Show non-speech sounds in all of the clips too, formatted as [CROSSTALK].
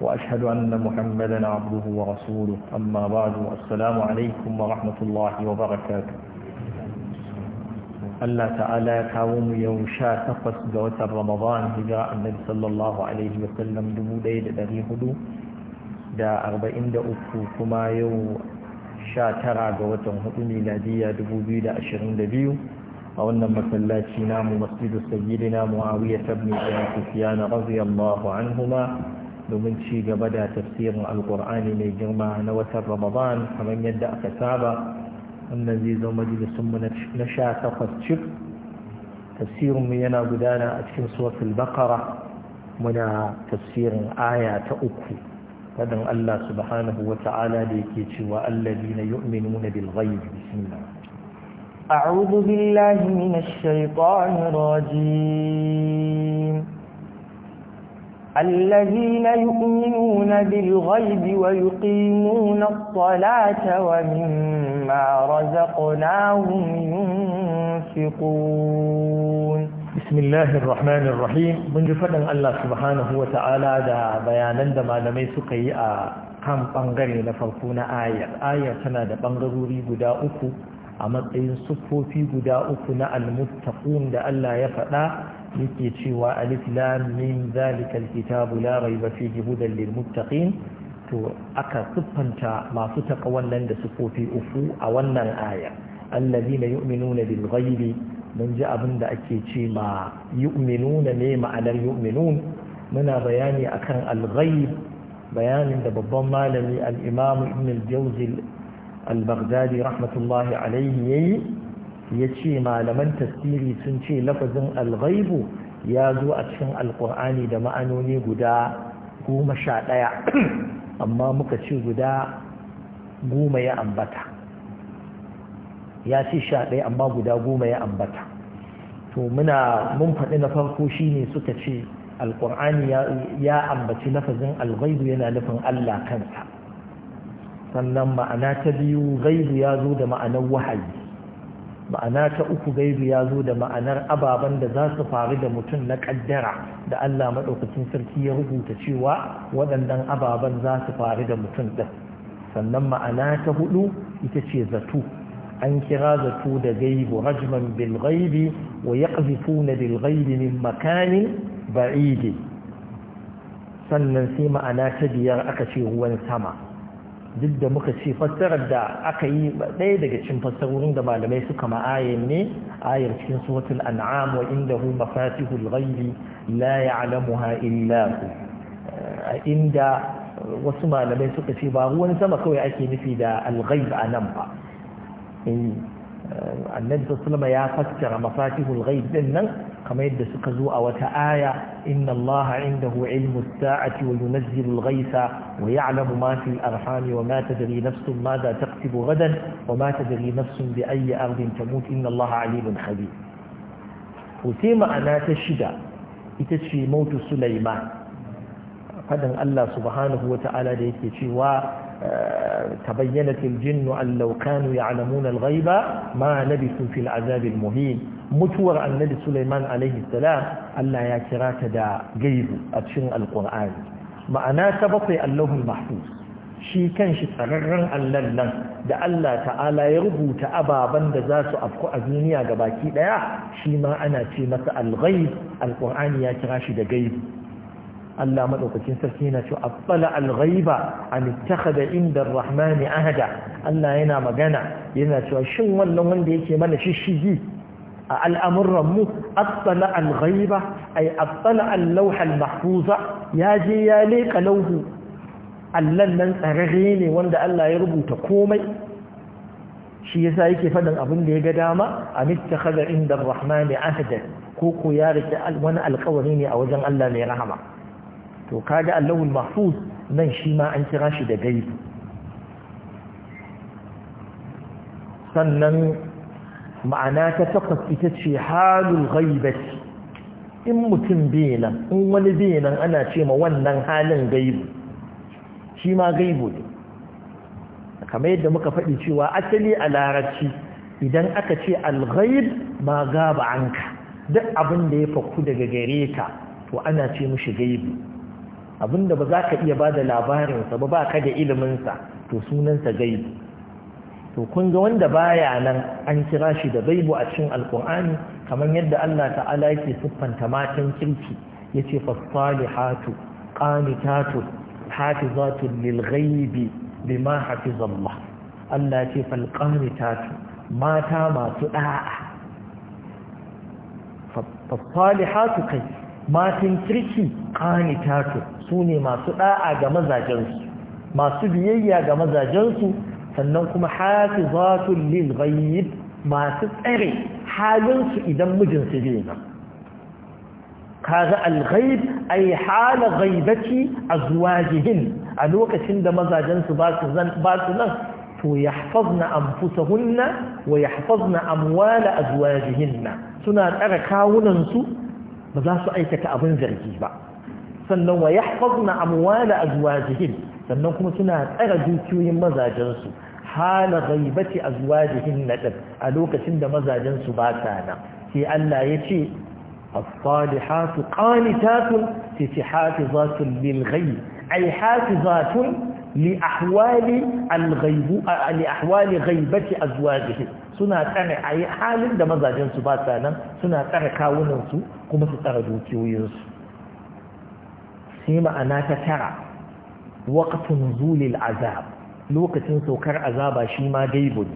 وأشهد أن محمدا عبده ورسوله amma بعد السلام عليكم ورحمة الله وبركاته Allah ta'ala ya kawo mu yau sha takwas ga watan Ramadan hijira annabi sallallahu dubu ɗaya da ɗari hudu da arba'in da uku kuma yau sha tara ga watan hudu miladiyya dubu biyu da ashirin da biyu a wannan masallaci na namu masjidu sayyidina muawiya tabni ibn sufyan radiyallahu anhuma domin ci gaba da tafsirin alkur'ani mai girma na watan ramadan kamar yadda aka saba wannan zai zama majalisunmu na sha takwas cif tafsirinmu yana gudana a cikin suratul bakara muna tafsirin aya ta uku fadan Allah subhanahu wa ta'ala da yake cewa allazina yu'minuna bil ghaib bismillah a'udhu billahi minash shaitanir rajim الذين يؤمنون بالغيب ويقيمون الصلاة ومما رزقناهم ينفقون بسم الله الرحمن الرحيم من جفدا الله سبحانه وتعالى دا بيانا دا ما لم سقي kan bangare na farko na ayar ayar tana da bangarori guda uku a matsayin siffofi guda uku na almuttaqun da Allah ya faɗa yake cewa alif lam min zalikal kitabu la raiba fihi hudan lil to aka siffanta masu taqwan nan da sufofi uku a wannan aya allazina yu'minuna bil ghaibi mun ji abin da ake ce ma yu'minuna ne ma'anar yu'minun muna bayani akan al ghaib bayanin da babban malami al imam ibn al jawzi al baghdadi rahmatullahi alayhi yayi ya ce malaman tasiri sun ce lafazin alghaibu ya zo a cikin alkur'ani da ma'anoni guda goma sha ɗaya [CLEARS THROAT] amma muka ce guda goma ya ambata ya ce sha ɗaya amma guda goma ya ambata to muna mun faɗi na farko shine suka ce alkur'ani ya ambaci lafazin alghaibu yana nufin allah kansa sannan ma'ana ta biyu gaibu ya zo da ma'anar wahayi ma'ana ta uku gaibu ya zo da ma'anar ababen da za su faru da mutum na kaddara da Allah maɗaukacin sarki ya rubuta cewa waɗannan ababen za su faru da mutum ɗin sannan ma'ana ta hudu ita ce zato an kira zato da gaibu rajman bil gaibi wa yaqzifuna bil gaibi min makanin ba'idi sannan sai ma'ana ta biyar aka ce ruwan sama duk da muka ce fassarar da aka yi ɗaya daga cikin fassarorin da malamai suka ma'ayar ne ayar cikin suratul an'am wa hu mafatihul ghaibi la ya'lamuha illa hu inda wasu malamai suka ce ba ruwan sama kawai ake nufi da al-ghaib nan ba eh, annabi sallallahu ya fassara mafatihul ghaib din nan kamar yadda suka zo a wata aya inna allaha indahu ilmu sa'ati wa yunzilu al-ghaytha wa ya'lamu ma fi al-arhami wa ma tadri nafsun ma za wa ma tadri nafsun bi ayyi ardin tamut inna allaha alimun khabir ko ma'ana ta shida ita ce mautu sulaiman fadan allah subhanahu wa ta'ala da yake cewa تبينت الجن أن لو كانوا يعلمون الغيب ما لبثوا في العذاب المهين متور النبي سليمان عليه السلام ألا يا كراك دا غيب أتشن القرآن ma'ana ta bakwai allahun mahfuz shi kan shi tsararren allon nan da Allah ta'ala ya rubuta ababen da za su afku a duniya ga baki ɗaya. shi ma ana ce masa alghaib ya kira shi da gaibi Allah madaukakin sarki yana cewa abbala al-ghaiba an ittakhadha inda ar ahada Allah yana magana yana cewa shin wannan wanda yake mana shishigi a al'amuran mu abbala al-ghaiba ay abbala al-lawh al-mahfuza ya je ya leka lauhu allan nan tsararre ne wanda Allah ya rubuta komai shi yasa yake faɗin abin da ya ga dama a mittakhadha inda ar-rahman ahada ko ko ya rike wani alƙawari ne a wajen Allah mai rahama to kaga allahun mahfuz nan shi ma an kira shi da gaibi sannan ma'ana ta takwas ita ce halin gaibat in mutum nan, in wani nan ana ce ma wannan halin gaibu shi ma gaibu ne kamar yadda muka faɗi cewa asali a larabci idan aka ce alghaib ma gaba anka duk abin da ya fakku daga gare ka to ana ce mushi gaibu abinda ba za ka iya ba da labarinsa ba ba ka da iliminsa to sunansa gaibu to kun ga wanda baya nan an kira shi da gaibu a cikin alkur'ani kamar yadda Allah ta'ala yake siffanta matan kirki yace fasalihatu qanitatu hafizatu lil ghaibi bima hafizallah Allah ce fal qanitatu mata masu da'a fasalihatu kai matan kirki kanitatu su ne masu da'a ga mazajensu masu biyayya ga mazajensu sannan kuma hafizatul lil ghaib masu tsare halinsu idan mijinsu bai nan kaga al-ghaib ay hala ghaibati azwajihin a lokacin da mazajensu ba su zan ba su nan to yahfazna anfusahunna wa yahfazna amwala azwajihinna suna tsare kawunansu ba za su aikata abin zargi ba sannan wa yahfazna amwal azwajihim sannan kuma suna tsara dukiyoyin su hala ghaibati azwajihim nadab a lokacin da su ba ta nan sai Allah ya ce as-salihatu qanitatun fi tihafizatun lil ghaib ay hafizatun li ahwali al ghaib li ahwali ghaibati azwajihim suna tsare a yi halin da mazajensu ba sa nan suna tsare kawunansu kuma su tsare dukiyoyinsu sai ma'ana ta tara waƙatun zulil azab lokacin saukar azaba shi ma ne.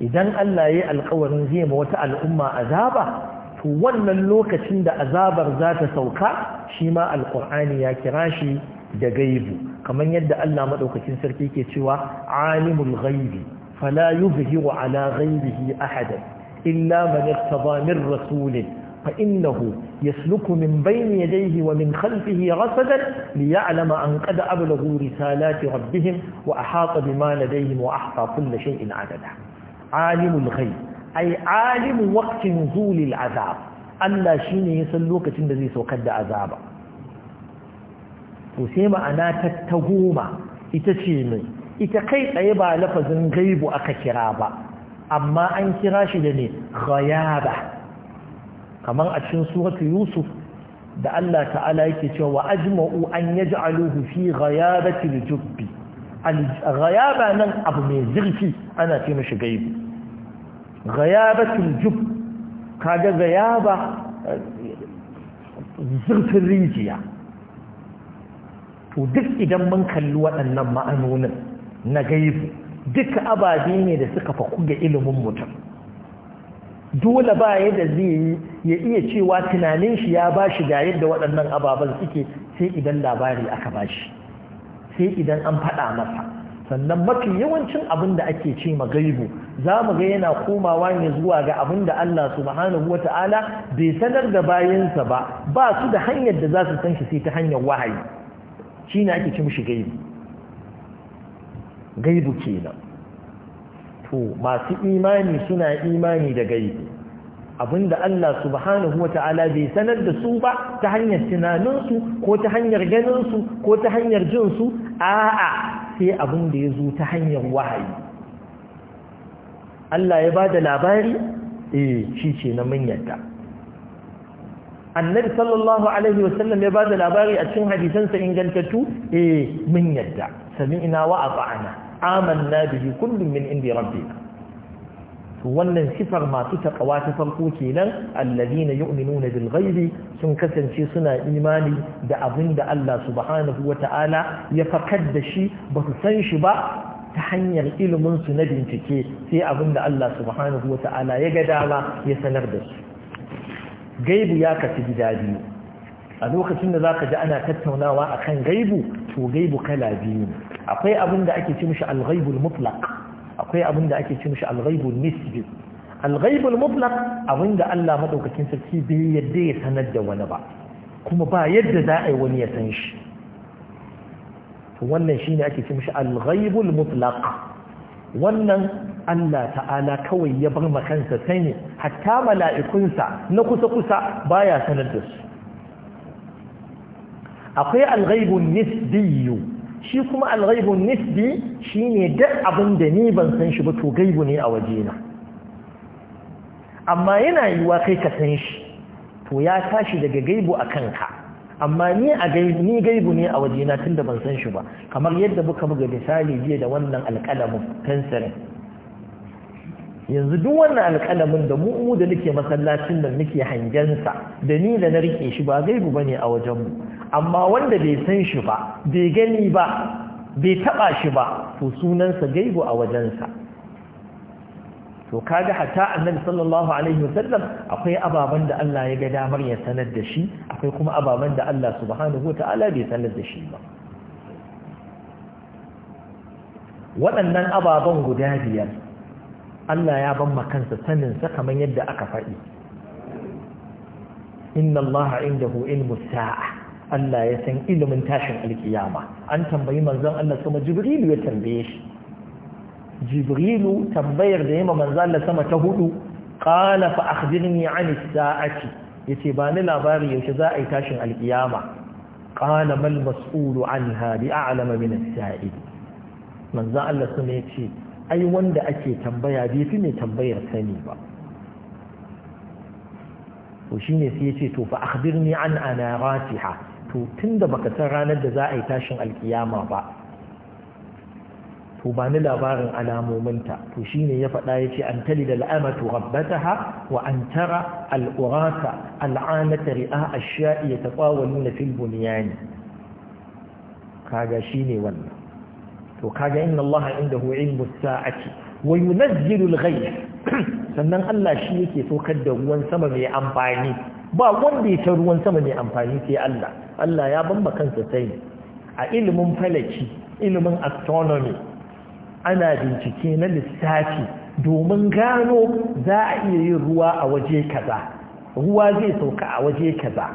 idan Allah ya yi alkawarin zai ma wata al'umma azaba to wannan lokacin da azabar za ta sauka shi ma alkur'ani ya kira shi da gaibu kamar yadda Allah maɗaukacin sarki ke cewa alimul gaibi فلا يظهر على غيره أحدا إلا من ارتضى من رسول فإنه يسلك من بين يديه ومن خلفه رصدا ليعلم أن قد أبلغوا رسالات ربهم وأحاط بما لديهم وأحطى كل شيء عددا عالم الغيب أي عالم وقت نزول العذاب ألا شين يسلوك تنبذي سوقد عذابا وسيما أنا تتهوما إتشيمي ita kai tsaye ba lafazin gaibu aka kira ba amma an kira shi da ne ghayaba kamar a cikin suratu yusuf da Allah ta'ala yake cewa ajma'u an yaj'aluhu fi ghayabati al-jubbi al-ghayaba nan abu mai zurfi ana ce mishi gaibu ghayabati al-jubb kaga ghayaba eh, zurfin rijiya to duk idan mun kalli waɗannan ma'anonin na gaibu duka ababe ne da suka faku ga ilimin mutum dole ba yadda zai ya iya cewa tunanin shi ya ba shi ga yadda waɗannan ababen suke sai idan labari aka ba shi sai idan an faɗa masa sannan mafi yawancin abin da ake ce ma gaibu za mu ga yana komawa ne zuwa ga abin da Allah subhanahu wa ta'ala bai sanar da bayansa ba ba su da hanyar da za su san shi sai ta hanyar wahayi shi ne ake ce mishi gaibu gaibu kenan to masu imani suna imani da gaibu abinda Allah subhanahu wa ta'ala bai sanar da su ba ta hanyar tunaninsu ko ta hanyar ganinsu ko ta hanyar jinsu a'a sai abinda ya zo ta hanyar wahayi Allah ya ba da labari eh shi ce na yadda. annabi sallallahu alaihi wasallam ya ba da labari a cikin hadisansa ingantattu eh mun yadda sami'na wa ata'na amanna bihi kullun min indi rabbina to wannan sifar masu takawa ta farko kenan alladhina yu'minuna bil ghaibi sun kasance suna imani da abin da Allah subhanahu wata'ala ya fakar da shi ba su san shi ba ta hanyar ilimin su na bincike sai abin da Allah subhanahu wata'ala ya ga dama ya sanar da su gaibu ya kasu gida biyu a lokacin da zaka ji ana tattaunawa akan gaibu to gaibu kala biyu ne akwai abin da ake ce mishi al-ghaibul mutlaq akwai abin da ake ce mishi al nisbi al mutlaq abin da Allah madaukakin sarki bai yadda ya sanar da wani ba kuma ba yadda za a yi wani ya san shi wannan shine ake ce mishi al mutlaq wannan Allah ta'ala kawai ya bar makansa sani hatta mala'ikunsa na kusa-kusa baya sanar da su akwai alghaibun nisbiyu shi kuma alghaibun nisbi shine duk abin da ni ban san shi ba to gaibu ne a waje na. amma yana yiwa kai ka san shi to ya tashi daga gaibu a kanka amma ni a gaibu ni gaibu ne a waje na tunda ban san shi ba kamar yadda muka buga misali jiya da wannan alqalamu fensirin yanzu duk wannan alƙalamin da mu da nake masallacin nan nake hangensa da ni da na rike shi ba gaibu bane a wajenmu amma wanda bai san shi ba bai gani ba bai taba shi ba to sunansa gaibu a wajensa to kaga hatta annabi sallallahu alaihi wasallam akwai ababan da Allah ya ga damar ya sanar da shi akwai kuma ababan da Allah subhanahu wataala bai sanar da shi ba waɗannan ababan guda biyar Allah ya ban kansa saninsa kamar yadda aka faɗi inna Allah indahu ilmu sa'a Allah ya san ilimin tashin alkiyama an tambayi manzon Allah sama Jibrilu ya tambaye shi Jibrilu tambayar da yamma manzon Allah sama ta hudu qala fa akhbirni an as Ya yace ba ni labari yaushe za a yi tashin alkiyama qala mal mas'ulu anha bi a'lama min said manzon Allah ya yace ai wanda ake tambaya bai fi mai tambayar sani ba to shine sai ya ce to fa akhbirni an anaratiha to tunda baka san ranar da za a yi tashin alkiyama ba to ba ni labarin alamominta to ne ya faɗa ya ce an tali da al'amatu rabbataha wa an tara al'urata al'anata ri'a ashiya'i ya taɓawalin na fil buniyani kaga ne wannan to kaga inna Allah indahu ilmu sa'ati wa yunazzilu al-ghayth [CLEARS THROAT] sannan Allah shi yake saukar da ruwan sama mai amfani ba wanda ya ruwan sama mai amfani sai Allah Allah ya bamba kansa sai a ilimin falaki ilimin astronomy ana bincike na lissafi domin gano za a iya yin ruwa a waje kaza ruwa zai sauka a waje kaza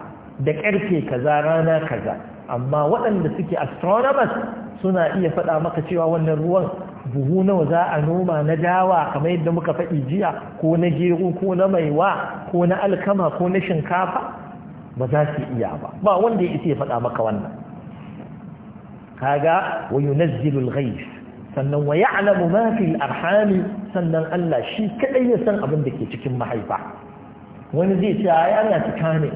da karfe kaza rana kaza amma waɗanda suke astronomers suna iya faɗa maka cewa wannan ruwan buhu nawa za a noma na dawa kamar yadda muka faɗi jiya ko na gero ko na maiwa ko na alkama ko na shinkafa ba za su iya ba ba wanda ya isa ya faɗa maka wannan kaga wa yunazzilul ghaib sannan wa ya'lamu ma fil arhami sannan Allah shi kadai ya san abin da ke cikin mahaifa wani zai ce ai ana cika ne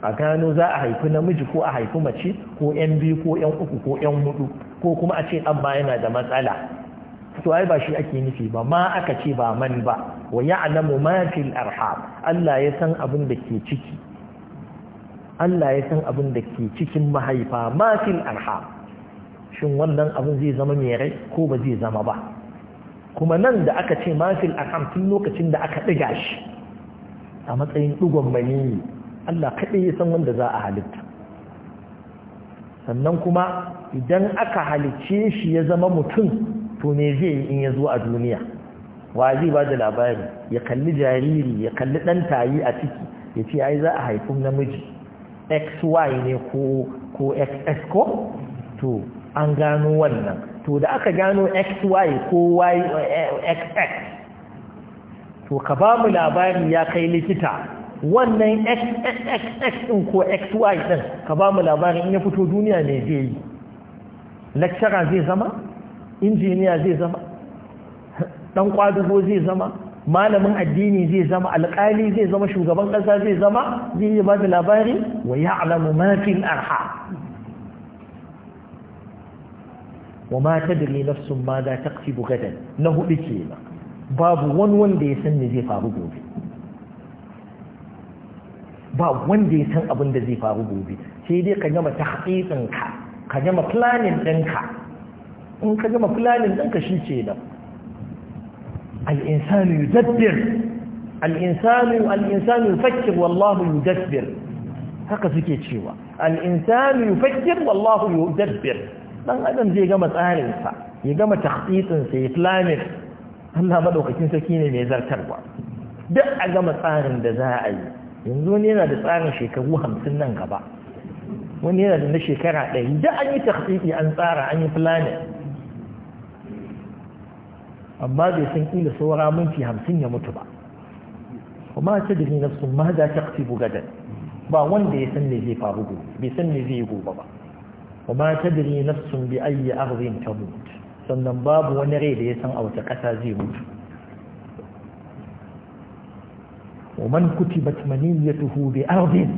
a gano za a haifi namiji ko a haifi mace ko yan biyu ko yan uku ko yan hudu ko kuma a ce ɗan ba yana da matsala to ai ba shi ake nufi ba ma aka ce ba man ba wa ya'lamu ma fil arham Allah ya san abin da ke ciki Allah ya san abin da ke cikin mahaifa ma fil arham shin wannan abin zai zama me rai ko ba zai zama ba kuma nan da aka ce ma fil arham tun lokacin da aka diga shi a matsayin ɗigon maniyi Allah kadai ya san wanda za a halitta sannan kuma idan aka halicce shi ya zama mutum to me zai yi in ya zo a duniya wa zai ba da labari ya kalli jariri ya kalli ɗan tayi a ciki ya ce ai za a haifi namiji xy ne ko ko xx ko to an gano wannan to da aka gano xy ko y xx eh, to ka ba mu labari ya kai likita wannan xxx ɗin ko xy ɗin ka ba mu labarin in ya fito duniya ne zai yi lecturer zai zama injiniya zai zama ɗan kwadugo zai zama malamin addini zai zama alƙali zai zama shugaban ƙasa zai zama zai yi ba da labari wa ya alamu mafin arha wa ma ta dare nafsun ma za ta ƙafi bugadan na hudu ke babu wani wanda ya san me zai faru gobe ba wanda ya san abin da zai faru gobe sai dai ka gama tahqiqin ka ka gama planning ɗinka in ka gama planning ɗinka shi ce da al-insanu yudabbir al-insanu al-insanu yufakkir wallahu yudabbir haka suke cewa al-insanu yufakkir wallahu yudabbir dan adam zai gama tsarin sa ya gama tahqiqin sa ya planning Allah madaukakin sarki ne mai zartarwa duk a gama tsarin da za a yi yanzu wani yana da tsarin shekaru hamsin nan gaba wani yana da na shekara ɗari da an yi tafiɗi an tsara an yi planet amma bai san ƙila saura minti hamsin ya mutu ba kuma ta da na sun ma za ta ƙafi bugadan ba wanda ya san ne zai faru gobe bai san ne zai gobe ba kuma ta da na sun bi ayyi arzikin ta mutu sannan babu wani rai da ya san a wata ƙasa zai mutu ومن كتبت منيته بأرض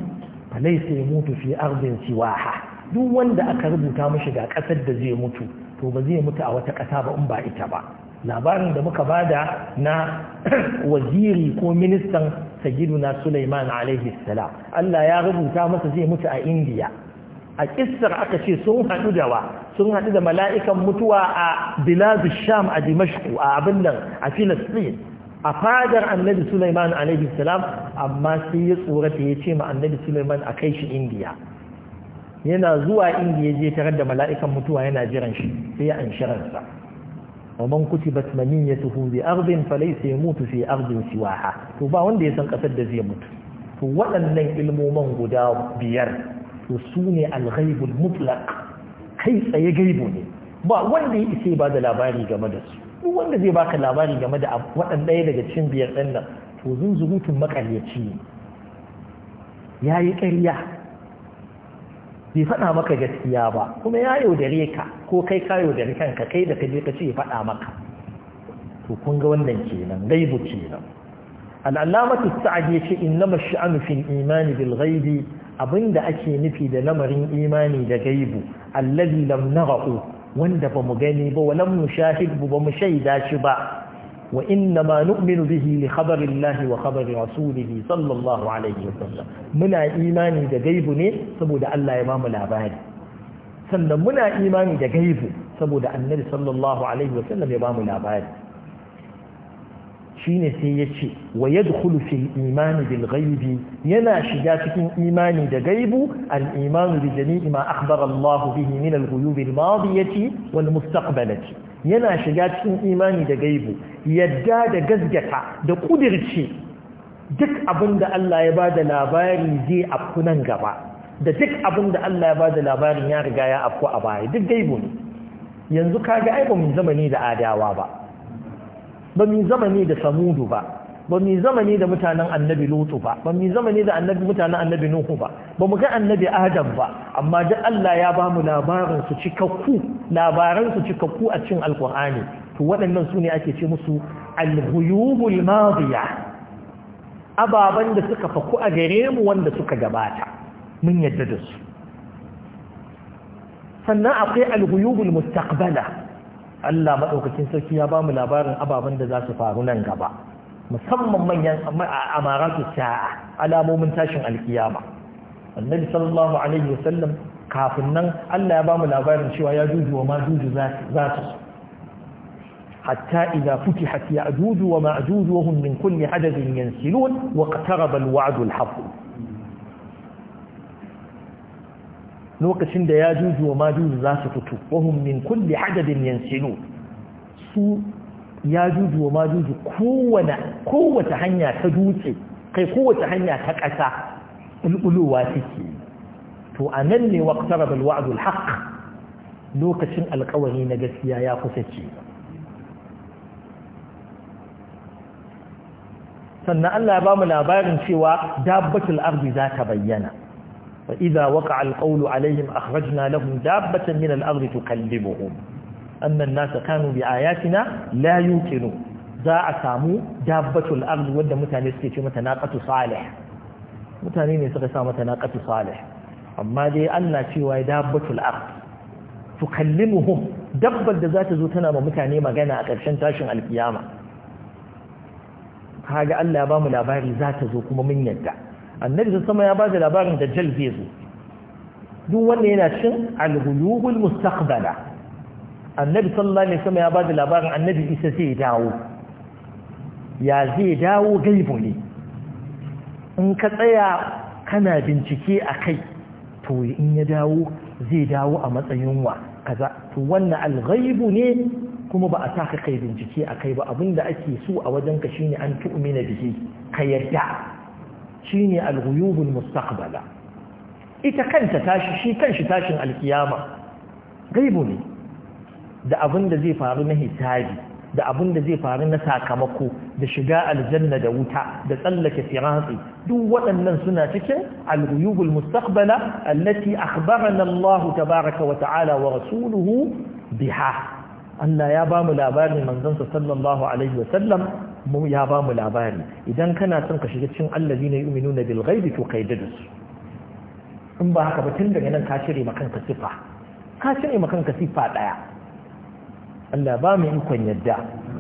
فليس يموت في أرض سواها duk wanda aka rubuta mashi ga ƙasar da zai mutu to ba zai mutu a wata ƙasa ba in ba ita ba labarin da muka bada na waziri ko ministan na Sulaiman alaihi salam Allah ya rubuta masa zai mutu a Indiya a kissar aka ce sun haɗu da wa sun haɗu da mala'ikan mutuwa a biladu sham a dimashku a abin nan a filistin a fadar annabi Sulaiman alaihi salam amma sai ya tsorata ya ce ma annabi Sulaiman a kai shi indiya yana zuwa indiya je tarar da mala'ikan mutuwa yana jiran shi sai ya anshiransa wa man kutibat maniyatuhu bi ardin falaysa yamutu fi ardin siwaha to ba wanda ya san kasar da zai mutu to waɗannan ilmoman guda biyar to su ne alghaibul mutlaq kai tsaye gaibu ne ba wanda ya ise ba da labari game da su duk wanda zai baka labari game da waɗanda ɗaya daga cikin biyar ɗin nan to zunzurutun makaryaci ne ya yi ƙarya bai faɗa maka gaskiya ba kuma ya yaudare ka ko kai ka yaudare kanka kai da kaje ka ce ya faɗa maka to kun ga wannan kenan gaibu kenan al'alamatu sa'ad ya in innama sha'anu fil imani bil ghaibi abinda ake nufi da lamarin imani da gaibu allazi lam ra'u. wanda ba mu gani ba walam nushahid ba mu shaida shi ba wa inna ma nu'minu bihi li khabari Allah wa khabari rasulihi sallallahu alaihi wa sallam muna imani da gaibu ne saboda Allah ya bamu labari sannan muna imani da gaibu saboda annabi sallallahu alaihi wa sallam ya bamu labari shine sai ya ce wa yadkhulu fil imani bil yana shiga cikin imani da gaibu al imanu bi jami'i ma akhbara Allah bihi min al ghuyub al madiyati wal mustaqbalati yana shiga cikin imani da gaibu yadda da gazgata da kudirce duk abinda Allah ya bada labari zai afku nan gaba da duk abinda Allah ya bada labarin ya riga ya afku a baya duk gaibu ne yanzu kaga ai ba mun zamani da adawa ba ba mu zamani da samudu ba ba mu zamani da mutanen annabi lutu ba ba mu zamani da annabi mutanen annabi nuhu ba ba mu ga annabi adam ba amma da Allah ya ba mu labarin su cikakku labaran su cikakku a cikin alqur'ani to waɗannan su ne ake ce musu al-ghuyubul madiya ababan da suka faku a gare mu wanda suka gabata mun yadda da su sannan akwai al-ghuyubul mustaqbala Allah maɗaukacin sarki ya ba mu labarin ababen da za su faru nan gaba musamman manyan su sa'a alamomin tashin alkiyama annabi sallallahu alaihi wasallam kafin nan Allah ya ba mu labarin cewa ya juju wa majuju za su hatta idza futihat ya'juju wa ma'juju wa hum min kulli wa lokacin da ya juju wa majuju za su fito wahum min kulli hadadin yansilu su ya juju wa majuju kowace hanya ta dutse kai kowace hanya ta ƙasa bulbulowa suke to a nan ne waqtaraba alwa'dul haqq lokacin alkawari na gaskiya ya kusa ce sannan Allah ya ba mu labarin cewa dabbatul ardi za ta bayyana فإذا وقع القول عليهم أخرجنا لهم دابة من الأرض تكلبهم أن الناس كانوا بآياتنا لا يمكنون za a samu dabbatul ard wanda mutane suke ce mata naqatu salih mutane ne suka sa mata naqatu salih amma dai Allah cewa ya dabbatul ard tukallimuhum dabbar da za ta zo tana ma mutane magana a ƙarshen tashin alkiyama kaga Allah ya ba labari za ta zo kuma mun yadda annabi sun sama ya ba da labarin da zai zo duk wanda yana cin alhulubul mustaqbala annabi sallallahu alaihi wasallam ya ba da labarin annabi isa zai dawo ya zai dawo gaibu ne in ka tsaya kana bincike a kai to in ya dawo zai dawo a matsayin wa kaza to wannan alghaibu ne kuma ba a sa ka kai bincike a kai ba abinda ake so a wajen ka shine an tu'mina bihi ka yadda shine al-ghuyubul mustaqbala ita kanta tashi shi kanshi tashin alkiyama gaibu ne da abin da zai faru na hisabi da abin da zai faru na sakamako da shiga aljanna da wuta da tsallake siratsi duk waɗannan suna cikin al-ghuyubul mustaqbala allati akhbarana Allah tabaaraka wa ta'ala wa rasuluhu biha Allah ya bamu labarin manzon sallallahu alaihi wa sallam mu ya ba mu labari idan kana son ka shiga cikin ne yu'minuna bil bilgaibi to kai da su in ba haka ba tun daga nan ka shirya makan ka sifa ka makan ka sifa daya Allah ba mu ikon yadda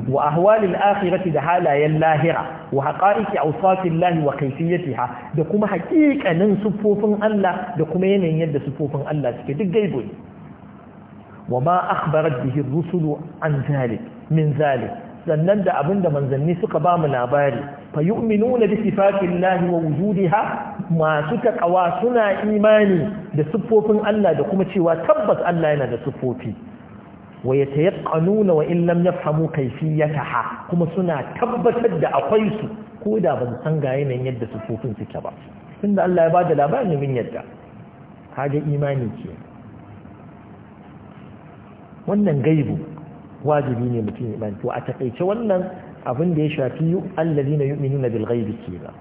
wa ahwalil akhirati da halayen lahira wa haqa'iqi lahi wa kayfiyatiha da kuma hakikanin sufofin Allah da kuma yanayin yadda sufofin Allah suke duk gaibo ne wa ma akhbarat bihi rusulu an zalik min zalik sannan da abin da manzanni suka ba mu labari fa yu'minuna bi sifatillahi wa wujudiha masu takawa suna imani da siffofin Allah da kuma cewa tabbas Allah yana da siffofi wa yatayaqqanuna wa in lam yafhamu kayfiyataha kuma suna tabbatar da akwai su ko da ban san ga yanayin yadda siffofin suke ba tunda Allah ya bada labarin min yadda kaga imani ke wannan gaibu wajibi ne mutum imani to a takaice wannan abin da ya shafi allazina yu'minuna bil ghaibi ba.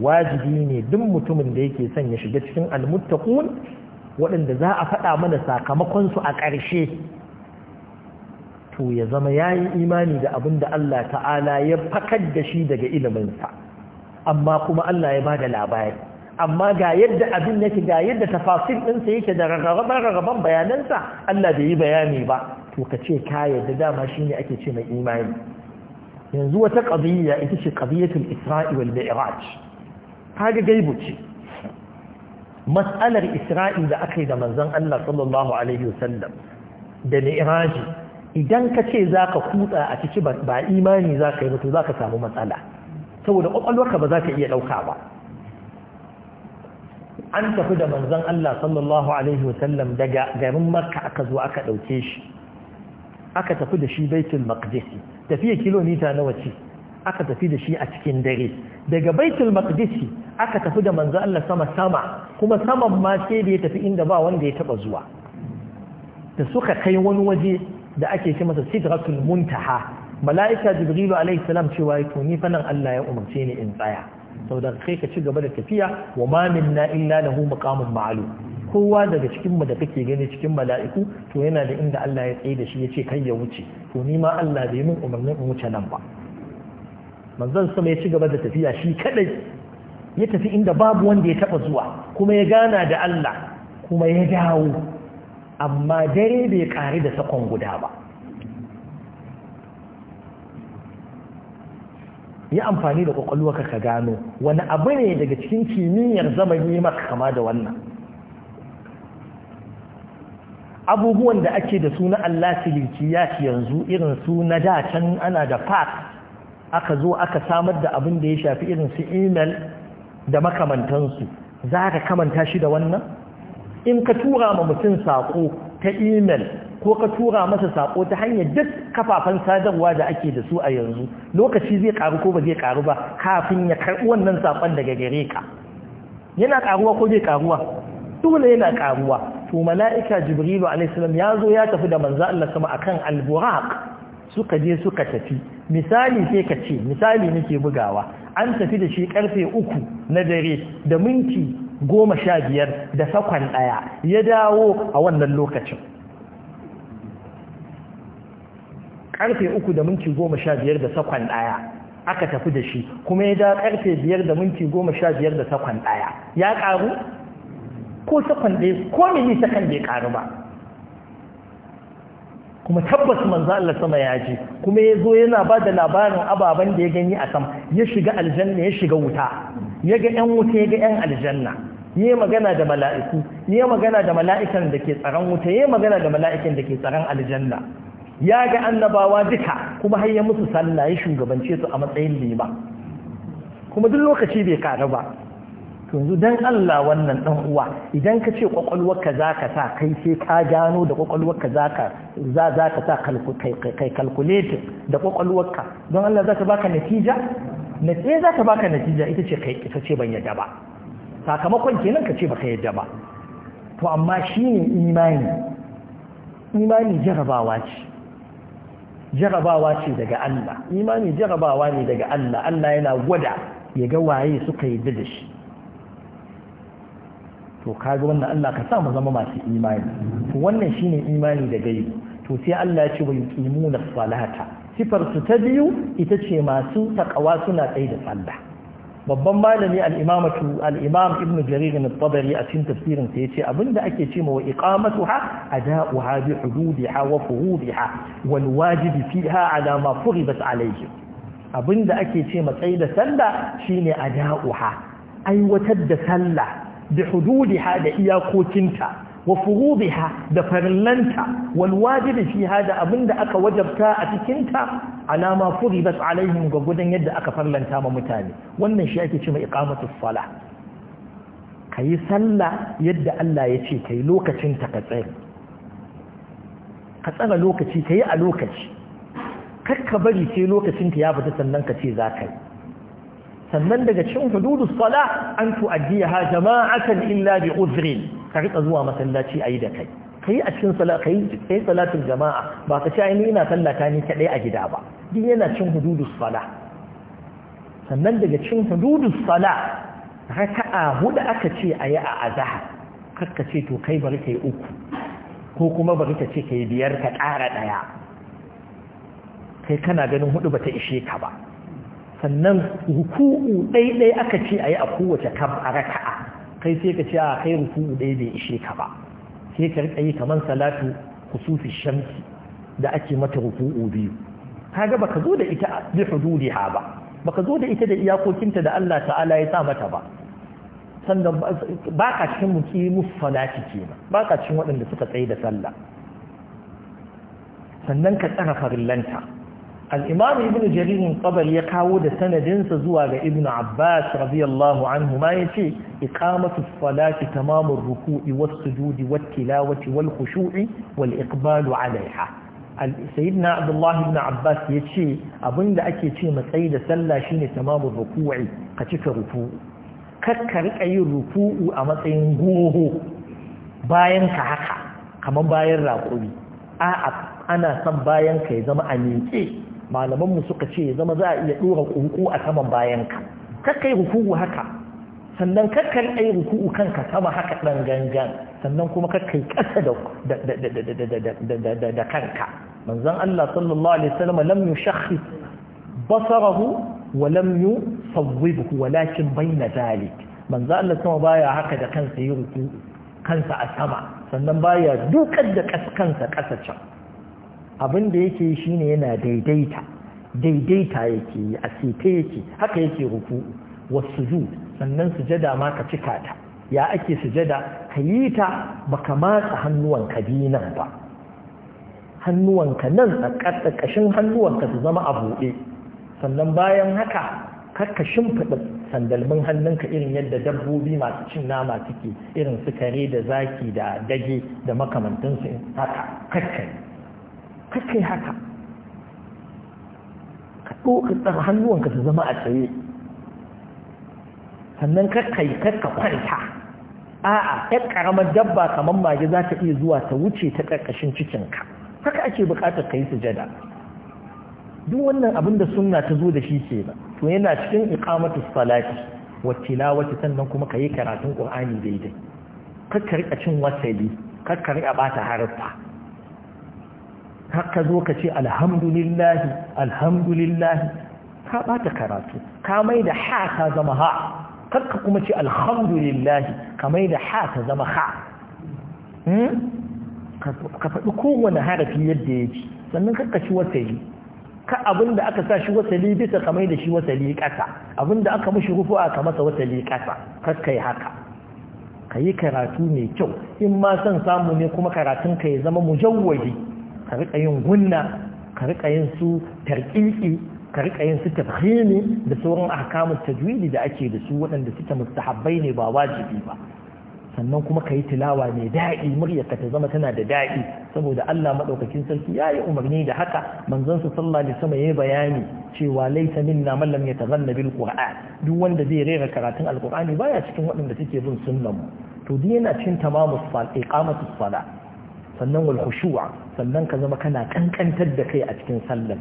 wajibi ne duk mutumin da yake son ya shiga cikin almuttaqun waɗanda za a faɗa mana sakamakon su a ƙarshe to ya zama yayi imani da abin da Allah ta'ala ya fakar da shi daga ilimin sa amma kuma Allah ya bada labari amma ga yadda abin yake ga yadda tafasir ɗinsa yake da rarraban bayanansa Allah bai yi bayani ba to ka ce ka yadda dama shi ne ake ce mai imani yanzu wata ƙaziyya ita ce ƙaziyyatul isra'i wal ta ga gaibu ce matsalar isra'i da aka yi da manzan Allah sallallahu alaihi wasallam da mi'raji idan ka ce zaka kutsa a ciki ba imani zaka yi ba to zaka samu matsala saboda ƙwaƙwalwarka ba za ka iya ɗauka ba an tafi da manzan Allah sallallahu Alaihi wasallam daga garin Makka aka zo aka ɗauke shi aka tafi da shi baitul maqdis tafiya kilomita nawa ce aka tafi da shi a cikin dare daga baitul maqdis aka tafi da manzo Allah sama sama kuma saman ma sai da ya tafi inda ba wanda ya taba zuwa da suka kai wani waje da ake ce masa sidratul muntaha mala'ika jibrilu alaihi salam cewa to ni fa nan Allah ya umarce ni in tsaya saboda kai ka ci gaba da tafiya wa ma minna illa lahu maqamun ma'lum kowa daga cikinmu da kake gani cikin mala'iku to yana da inda Allah ya tsaye da shi ya ce kai ya wuce to ni ma Allah bai min umarnin in wuce nan ba manzon sama ya ci gaba da tafiya shi kadai ya tafi inda babu wanda ya taba zuwa kuma ya gana da Allah kuma ya dawo amma dare bai kare da sakon guda ba yi amfani da kwakwalwa ka gano wani abu ne daga cikin kimiyyar zamani maka kama da wannan abubuwan da ake da su na Allah ci yanzu irin su na da can ana da fax aka zo aka samar da abin da ya shafi irin su email da makamantansu za ka kamanta shi da wannan in ka tura ma mutum saƙo ta email ko ka tura masa saƙo ta hanyar duk kafafen sadarwa da ake da su a yanzu lokaci zai ƙaru ko ba zai ƙaru ba kafin ya karɓi wannan saƙon daga gare ka yana ƙaruwa ko zai karuwa dole yana ƙaruwa to mala'ika jibrilu alaihissalam ya zo ya tafi da manzo Allah sama akan al-buraq suka je suka tafi misali sai ka ce misali nake bugawa an tafi da shi karfe uku na dare da minti goma sha biyar da sakon ɗaya ya dawo a wannan lokacin karfe uku da minti goma sha biyar da sakon ɗaya aka tafi da shi kuma ya da karfe biyar da minti goma sha biyar da sakon ɗaya ya karu. ko sakon ɗaya ko mili sakon bai ƙaru ba kuma tabbas manzo Allah sama ya ji kuma ya zo yana ba da labarin ababen da ya gani a sama ya shiga aljanna ya shiga wuta ya ga ƴan wuta ya ga ƴan aljanna ya yi magana da mala'iku ya yi magana da mala'ikan da ke tsaron wuta ya yi magana da mala'ikan da ke tsaron aljanna ya ga annabawa duka kuma har ya musu sallah ya shugabance su a matsayin lima kuma duk lokaci bai ƙaru ba yanzu dan Allah wannan dan uwa idan ka ce kwakwalwarka za ka sa kai sai ka gano da ƙwaƙwalwarka za ka za za ka sa kai da ƙwaƙwalwarka, don Allah za ka baka natija natija eh, za ka baka natija ita ce kai ita ce ban yadda ba sakamakon kenan ka ce baka yadda ba to amma shine imani imani jarabawa ce jarabawa ce daga Allah imani jarabawa ne daga Allah Allah yana gwada ya ga waye suka yi da shi to kaga wannan Allah ka sa mu zama masu imani to wannan shine imani da gaibi to sai Allah ya ce wa yuqimuna salata sifar su ta biyu ita ce masu takawa suna tsaye da sallah babban malami al-imamatu al-imam ibnu jarir al-tabari a cikin tafsirin sa yace abinda ake cewa wa iqamatuha ada'uha bi hududiha wa furudiha wal wajibi fiha ala ma furibat alayhi abinda ake ce tsaye da sallah shine ada'uha aiwatar da sallah bi hududiha da iyakokinta wa furudiha da farillanta wal wajibi fiha da abinda aka wajabta a cikinta alama furidat alaihim ga gudan yadda aka farlanta ma mutane wannan shi ake cewa iqamatus salah kayi sallah yadda Allah ya ce kai lokacin ta ka tsare ka tsara lokaci kayi a lokaci kakka bari ce lokacinta ya fita sannan ka ce za ka yi sannan daga cikin hududus sala an tu'addiha jama'atan illa bi uzrin ka rika zuwa masallaci ayi da kai kai a cikin sala kai kai salatul jama'a ba ka ci ni ina sallata ni kadai a gida ba din yana cikin hududus sala sannan daga cikin hududus sala raka'a huda aka ce ayi a azhar kakka ce to kai bari kai uku ko kuma bari ka ce kai biyar ka ƙara daya kai kana ganin hudu bata ishe ka ba sannan ruku'u ɗaiɗai aka ce a yi a kowace kam a raka'a kai sai ka ce a kai ruku'u ɗaya bai ishe ka ba sai ka riƙa yi kamar salatu kusufi shamsi da ake mata ruku'u biyu kaga baka zo da ita bi hududiha ba baka zo da ita da iyakokinta da Allah ta'ala ya sa mata ba sannan baka cikin muqimus salati kenan baka cikin waɗanda suka tsaye da sallah sannan ka tsara farillanta al'imam ibn jaririn ƙabar ya kawo da sanadinsa zuwa ga ibn abbas radiyallahu anhu ma ya ce ikamatu falati tamamun ruku'i wasu judi wattilawati wal khushu'i wal iqbalu alaiha sayyidina abdullahi ibn abbas ya ce abinda ake ce matsayi da sallah shine tamamun ruku'i ka cika ruku'u kakka riƙa yin ruku'u a matsayin goho bayan ka haka kamar bayan raƙuri a'a ana son bayan ka ya zama a miƙe malamanmu suka ce ya zama za a iya ɗora ƙunƙu a saman bayanka kakka yi ruku'u haka sannan kakka yi ruku'u kanka sama haka ɗan gangan sannan kuma kakka yi ƙasa da kanka manzan Allah sallallahu alaihi wasallam lam yushakhi basarahu wa lam yusawwibuhu walakin bayna zalik manzan Allah sama baya haka da kansa yi ruku'u kansa a sama sannan baya dukar da kansa ƙasa can abin da yake yi ne yana daidaita daidaita yake yi a sita yake haka yake ruku wasu zu sannan sujada ma ka cika ta ya ake sujada ka yi ta ba ka matsa hannuwanka dinan ba hannuwanka nan a ƙarƙashin hannuwanka su zama a buɗe sannan bayan haka karka shimfiɗa sandalmin hannunka irin yadda dabbobi masu cin nama suke irin su kare da zaki da dage da makamantansu haka kakkai kakai haka ka ɗoka hannuwanka ta zama a tsaye sannan kakai kakka kwanta a'a ɗan ƙaramar dabba kamar mage za ta iya zuwa ta wuce ta ƙarƙashin cikinka haka ake buƙatar ka yi sujada duk wannan abin da sunna ta zo da shi ke ba to yana cikin iqamatu salati wa tilawati sannan kuma ka yi karatun ƙur'ani daidai ka rika cin wasali kakkar rika bata harfa ka zo ka ce alhamdulillahi alhamdulillahi ka bata karatu ka mai da ha ka zama ha karka kuma ce alhamdulillahi ka mai da ha ka zama ha hmm? ka faɗi kowane harafi yadda ya ci sannan karka ci wasali ka abinda aka sa shi wasali bisa ka mai da shi wasali ƙasa Abinda aka mushi rufu'a ka masa wasali ƙasa karka yi haka ka yi karatu mai kyau in ma son samu ne kuma karatun ka ya zama mujawwadi ka rika yin gunna ka rika yin su tarƙiƙi ka rika yin su tafhimi da sauran ahkamun tajwidi da ake da su waɗanda suke mustahabbai ne ba wajibi ba sannan kuma ka yi tilawa mai daɗi muryarka ta zama tana da daɗi saboda Allah maɗaukakin sarki ya yi umarni da haka manzon su sallah da sama ya yi bayani cewa laita minna man lam yatazanna bil qur'an duk wanda zai rera karatun alqur'ani baya cikin waɗanda suke bin sunnan to duk yana cin tamamu iqamatus salat sannan wal sannan ka zama kana kankantar da kai a cikin sallar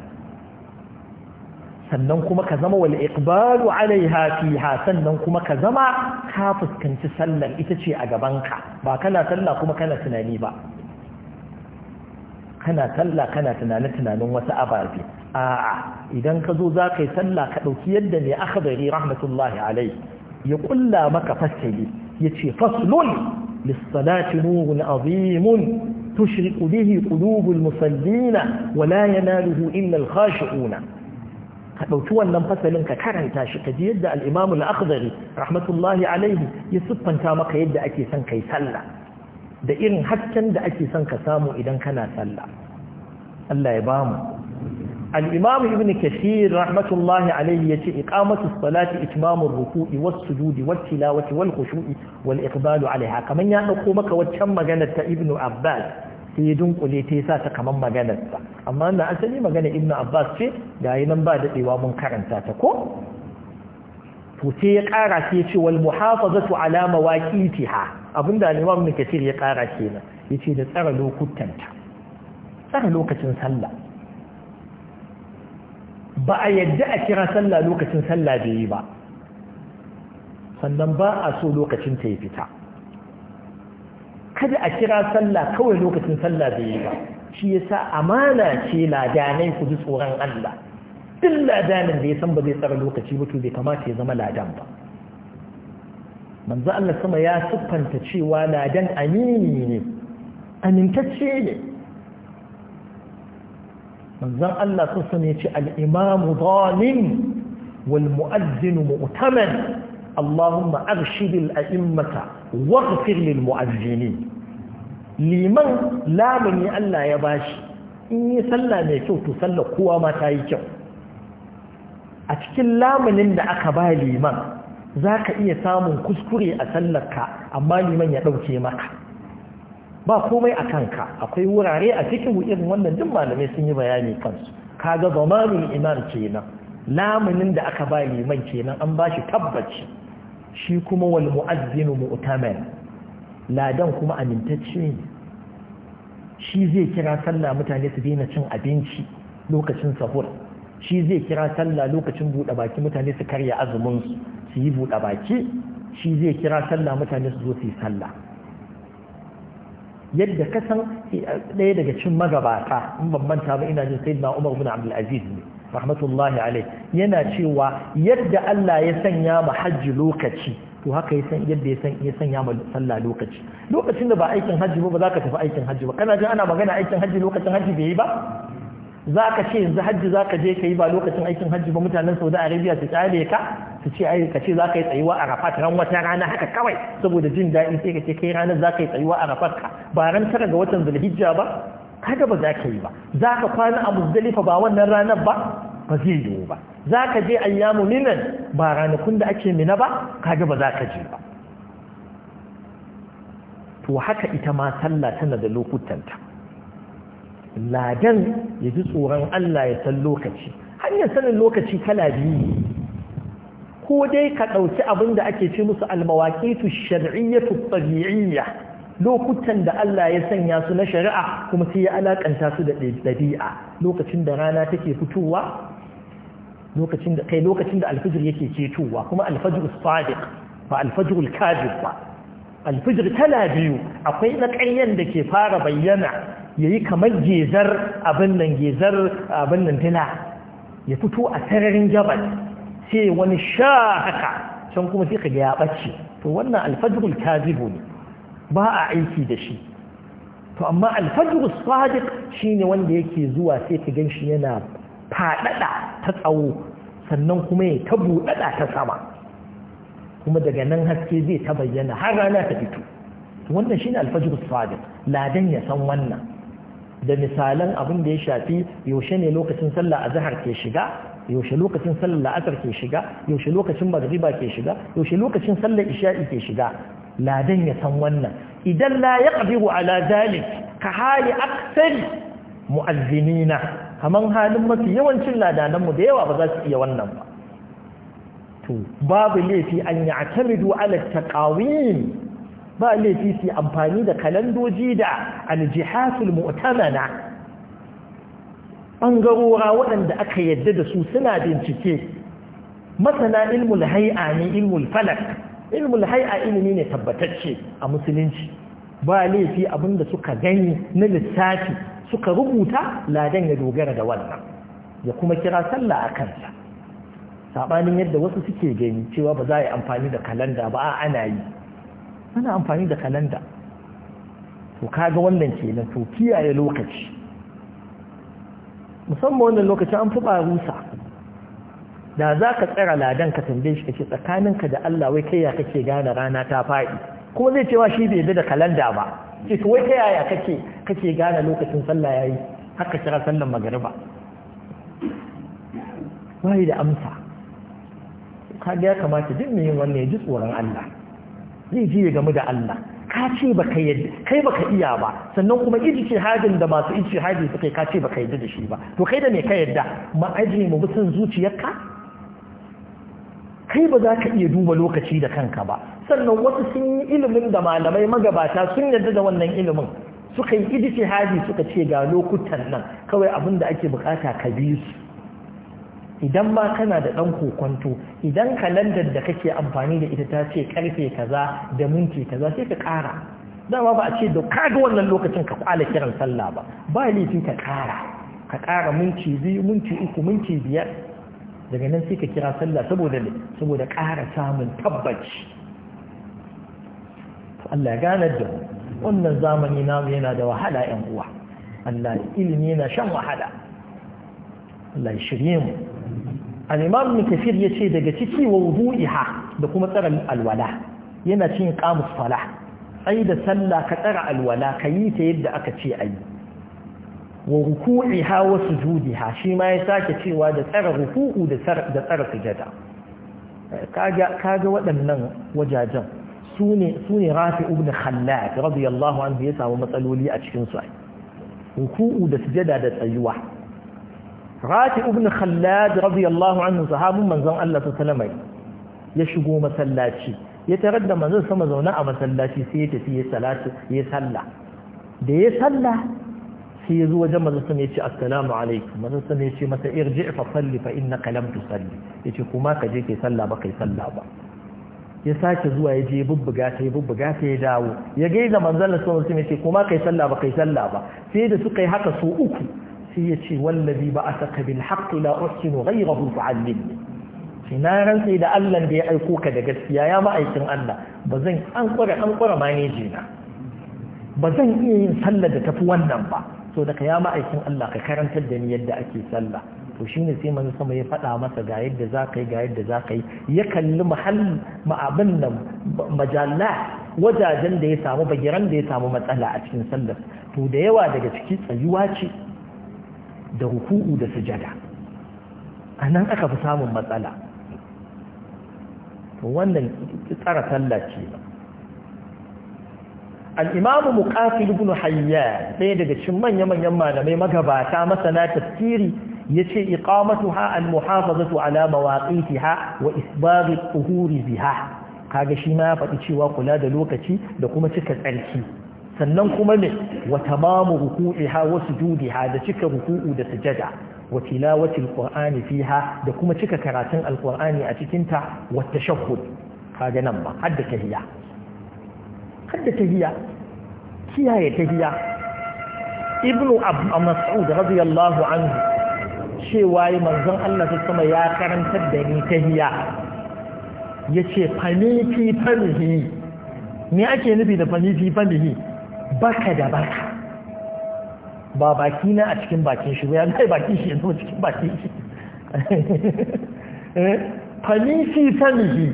sannan kuma ka zama wal alaiha fiha sannan kuma ka zama ka fuskanci sallar ita ce a gabanka ba kana sallah kuma kana tunani ba kana sallah kana tunane tunanin wasu ababe a'a idan ka zo za ka yi sallah ka ɗauki yadda ne akhbari rahmatullahi alaihi ya kulla maka fasali ya ce faslun lissalati nurun azimun تشرق به قلوب المصلين ولا يناله إلا الخاشعون ɗauki wannan fasalin ka karanta shi ka ji yadda al'imamu al'akhdari rahmatullahi alaihi ya siffanta maka yadda ake son kai sallah da irin hasken da ake son ka samu idan kana sallah Allah ya bamu. الإمام ابن كثير رحمة الله عليه يتي إقامة الصلاة إتمام الركوع والسجود والتلاوة والخشوع والإقبال عليها كمن يحقو مكة وتشم مجانة ابن عباس في دنق ليتيسا كمن مجانة أما أن أسلي مجانة ابن عباس في دائما بعد إوام كرن ساتكو فسيق آرسيتي والمحافظة على مواكيتها أبن دا الإمام ابن كثير يقارسينا يتي لتأرى لو كتنت أرى لو كتنسلت ba a yadda a kira sallah lokacin sallah bai yi ba sannan ba a so lokacin ta yi fita kada a kira sallah kawai lokacin sallah bai yi ba shi yasa amana ce ladanai ku ji tsoron Allah duk ladanin da ya san ba zai tsara lokaci ba to bai kamata ya zama ladan ba manzo Allah sama ya siffanta cewa ladan amini ne amintacce ne manzon Allah sassan ya ce al'imamu zalim wal mu'azzinu mu'taman Allahumma arshidil a'immata waghfir lil mu'azzinin liman lamuni Allah ya bashi in yi sallah mai kyau to sallah kowa ma ta yi kyau a cikin lamunin da aka ba liman za ka iya samun kuskure a sallarka amma liman ya ɗauke maka ba komai a kanka akwai wurare a cikin irin wannan duk malamai sun yi bayani kansu kaga zamanin imam kenan lamunin da aka ba liman kenan an ba shi tabbaci shi kuma wal mu'azzinu mu'taman ladan kuma amintacce ne shi zai kira sallah mutane su daina cin abinci lokacin sahur shi zai kira sallah lokacin buɗe baki mutane su karya azumin su yi buɗe baki shi zai kira sallah mutane su zo su yi sallah yadda ka san eh, ɗaya daga cin magabata in bambanta ba ina jin na Umar bin Abdul Aziz ne rahmatullahi alai yana cewa yadda Allah ya sanya ma hajji lokaci to haka ya yadda ya san sanya ma sallah lokaci lokacin da ba aikin hajji ba ba za ka tafi aikin hajji ba kana jin ana magana aikin hajji lokacin hajji bai yi ba za ka ce yanzu hajji za ka je ka yi ba lokacin aikin hajji ba mutanen saudi arabia su tsare ka su ce ai ka ce za ka yi tsayuwa a rafat ran wata rana haka kawai saboda jin daɗi sai ka ce kai ranar za ka yi tsayuwa a rafat ka ba ran tara ga watan zulhijja ba kada ba za ka yi ba za ka kwana a muzdalifa ba wannan ranar ba ba zai yi ba za ka je ayyamu minan ba ranakun da ake mina ba kaga ba za ka je ba to haka ita ma sallah tana da lokutanta ladan ya ji tsoron Allah ya san lokaci hanyar sanin lokaci kala biyu ko dai ka ɗauki abin da ake ce musu almawaƙitu shari'iyyatu tabi'iyya lokutan da Allah ya sanya su na shari'a kuma sai ya alaƙanta su da ɗabi'a lokacin da rana take fitowa lokacin da kai lokacin da alfijir yake cetowa kuma alfajir sadiq ba alfajir kadib ba alfijir tana biyu akwai na ƙaryen da ke fara bayyana ya yi kamar gezar abin nan gezar abin nan tana ya fito a sararin jabal sai wani sha haka can kuma sai kaga ga ya ɓace to wannan alfajirul kazibu ne ba a aiki da shi to amma alfajirul sadiq shine wanda yake zuwa sai ka gan shi yana faɗaɗa ta tsawo sannan kuma ya ta buɗaɗa ta sama kuma daga nan haske zai ta bayyana har rana ta fito wannan shine alfajirul sadiq ladan ya san wannan da misalan abin da ya shafi yaushe ne lokacin sallah azhar ke shiga yaushe lokacin sallar la'asar ke shiga yaushe lokacin magriba ke shiga yaushe lokacin sallar isha'i ke shiga ladan ya san wannan idan la yaqdiru ala zalik ka hali aksar mu'azzinina kaman halin mafi yawancin mu da yawa ba za su iya wannan ba to babu laifi an ya'tamidu ala taqawim ba laifi su amfani da kalandoji da aljihasul mu'tamana ɓangarora waɗanda aka yadda da su suna bincike masana ilmul hai'a ne ilmul falak ilmul hai'a ilimi ne tabbatacce a musulunci ba laifi abinda suka gani na lissafi suka rubuta ladan ya dogara da wannan ya kuma kira sallah a kansa saɓanin yadda wasu suke gani cewa ba za a yi amfani da kalanda ba ana yi ana amfani da kalanda to kaga wannan kenan to kiyaye lokaci musamman wannan lokaci an fi barusa da za ka tsara ladan ka tambaye shi kace tsakaninka da Allah wai kai ya kake gane rana ta faɗi kuma zai cewa shi bai yadda da kalanda ba ce to wai kai ya kake kake gane lokacin sallah yayi haka kira sallar magariba wai da amsa kaga ya kamata duk mai yin wannan ya ji tsoron Allah zai je ya gamu da Allah ka ce baka yadda kai ka iya ba sannan kuma hajin da masu ijtihadi suka ka ce baka yadda da shi ba to kai da me ka yadda ma'aji mu bi zuciyarka kai ba za ka iya duba lokaci da kanka ba sannan wasu sun yi ilimin da malamai magabata sun yadda da wannan ilimin suka yi suka ce ga lokutan nan kawai abin da ake bukata ka bi su idan ma kana da ɗan kokonto idan kalandar da kake amfani da ita ta ce karfe kaza da minti kaza sai ka kara dama ba a ce da kaga wannan lokacin ka kwala kiran sallah ba ba laifin ka ƙara ka kara minti biyu minti uku minti biyar daga nan sai ka kira sallah saboda saboda ƙara samun tabbaci Allah ya gane da wannan zamani namu yana da wahala 'yan uwa Allah ilimi yana shan wahala Allah ya shirye mu al-imam ya yace daga ciki wa da kuma tsara alwala yana cin qamus salah Sai da sallah ka tsara alwala kayi ta yadda aka ce a wa ruku'iha wa sujudiha shi ma ya sake cewa da tsara ruku'u da tsara sujada ga waɗannan wajajen su ne rafi ibn khallad radiyallahu an ya samu matsaloli a cikinsu su da sujada da tsayuwa rafi ibn khallad radiyallahu anhu sahabin manzon Allah sallallahu alaihi ya shigo masallaci ya tarar da manzon sama zaune a masallaci sai ya tafi ya salatu ya salla da ya salla sai ya zo wajen manzon sama ya ce assalamu alaikum manzon sama ya ce masa irji fa salli fa innaka lam tusalli yace kuma ka je kai salla ba kai salla ba ya sake zuwa ya je bubbuga ta ya bubbuga ta ya dawo ya gaida manzon Allah sallallahu alaihi ya ce kuma kai salla ba kai salla ba sai da suka yi haka su uku sai ya ce wallazi ba a saka bil haqqi la uhsinu ghayrahu fa'allimni sai na sai da Allah da ya aiko ka da gaskiya ya ma'aikin Allah ba zan an kwara an na ba zan iya yin sallar da tafi wannan ba so daga ya ma'aikin Allah ka karantar da ni yadda ake sallah to shine sai manzo sama ya faɗa masa ga yadda za ka yi ga yadda za ka yi ya kalli mahall ma'abin da majalla wajajen da ya samu bagiran da ya samu matsala a cikin sallar to da yawa daga ciki tsayuwa ce da ruku'u da sujada a nan aka fi samun matsala wannan tsara sallah ce al al'imamu muƙafil ibn hayyan ɗaya daga cikin manya-manyan malamai magabata masana tafsiri ya ce iqamatuha al-muhafazatu ala ha wa isbari tuhuri biha kaga shi ma faɗi cewa kula da lokaci da kuma cika tsarki sannan kuma ne wa tamamu ruku'iha wa sujudiha da cika ruku'u da sujada wa tilawati alqur'ani fiha da kuma cika karatun alqur'ani a cikin ta wa tashahhud kaga nan ba hadda tahiyya hadda tahiyya kiyaye tahiyya ibnu abu mas'ud radiyallahu anhu cewa manzon Allah ta sama ya karantar da ni tahiyya yace fani fanihi me ake nufi da fani fanihi baka da baka ba baki na a cikin bakin shi ya zai bakin shi ya zo cikin bakin shi [LAUGHS] eh, fanishi sanihi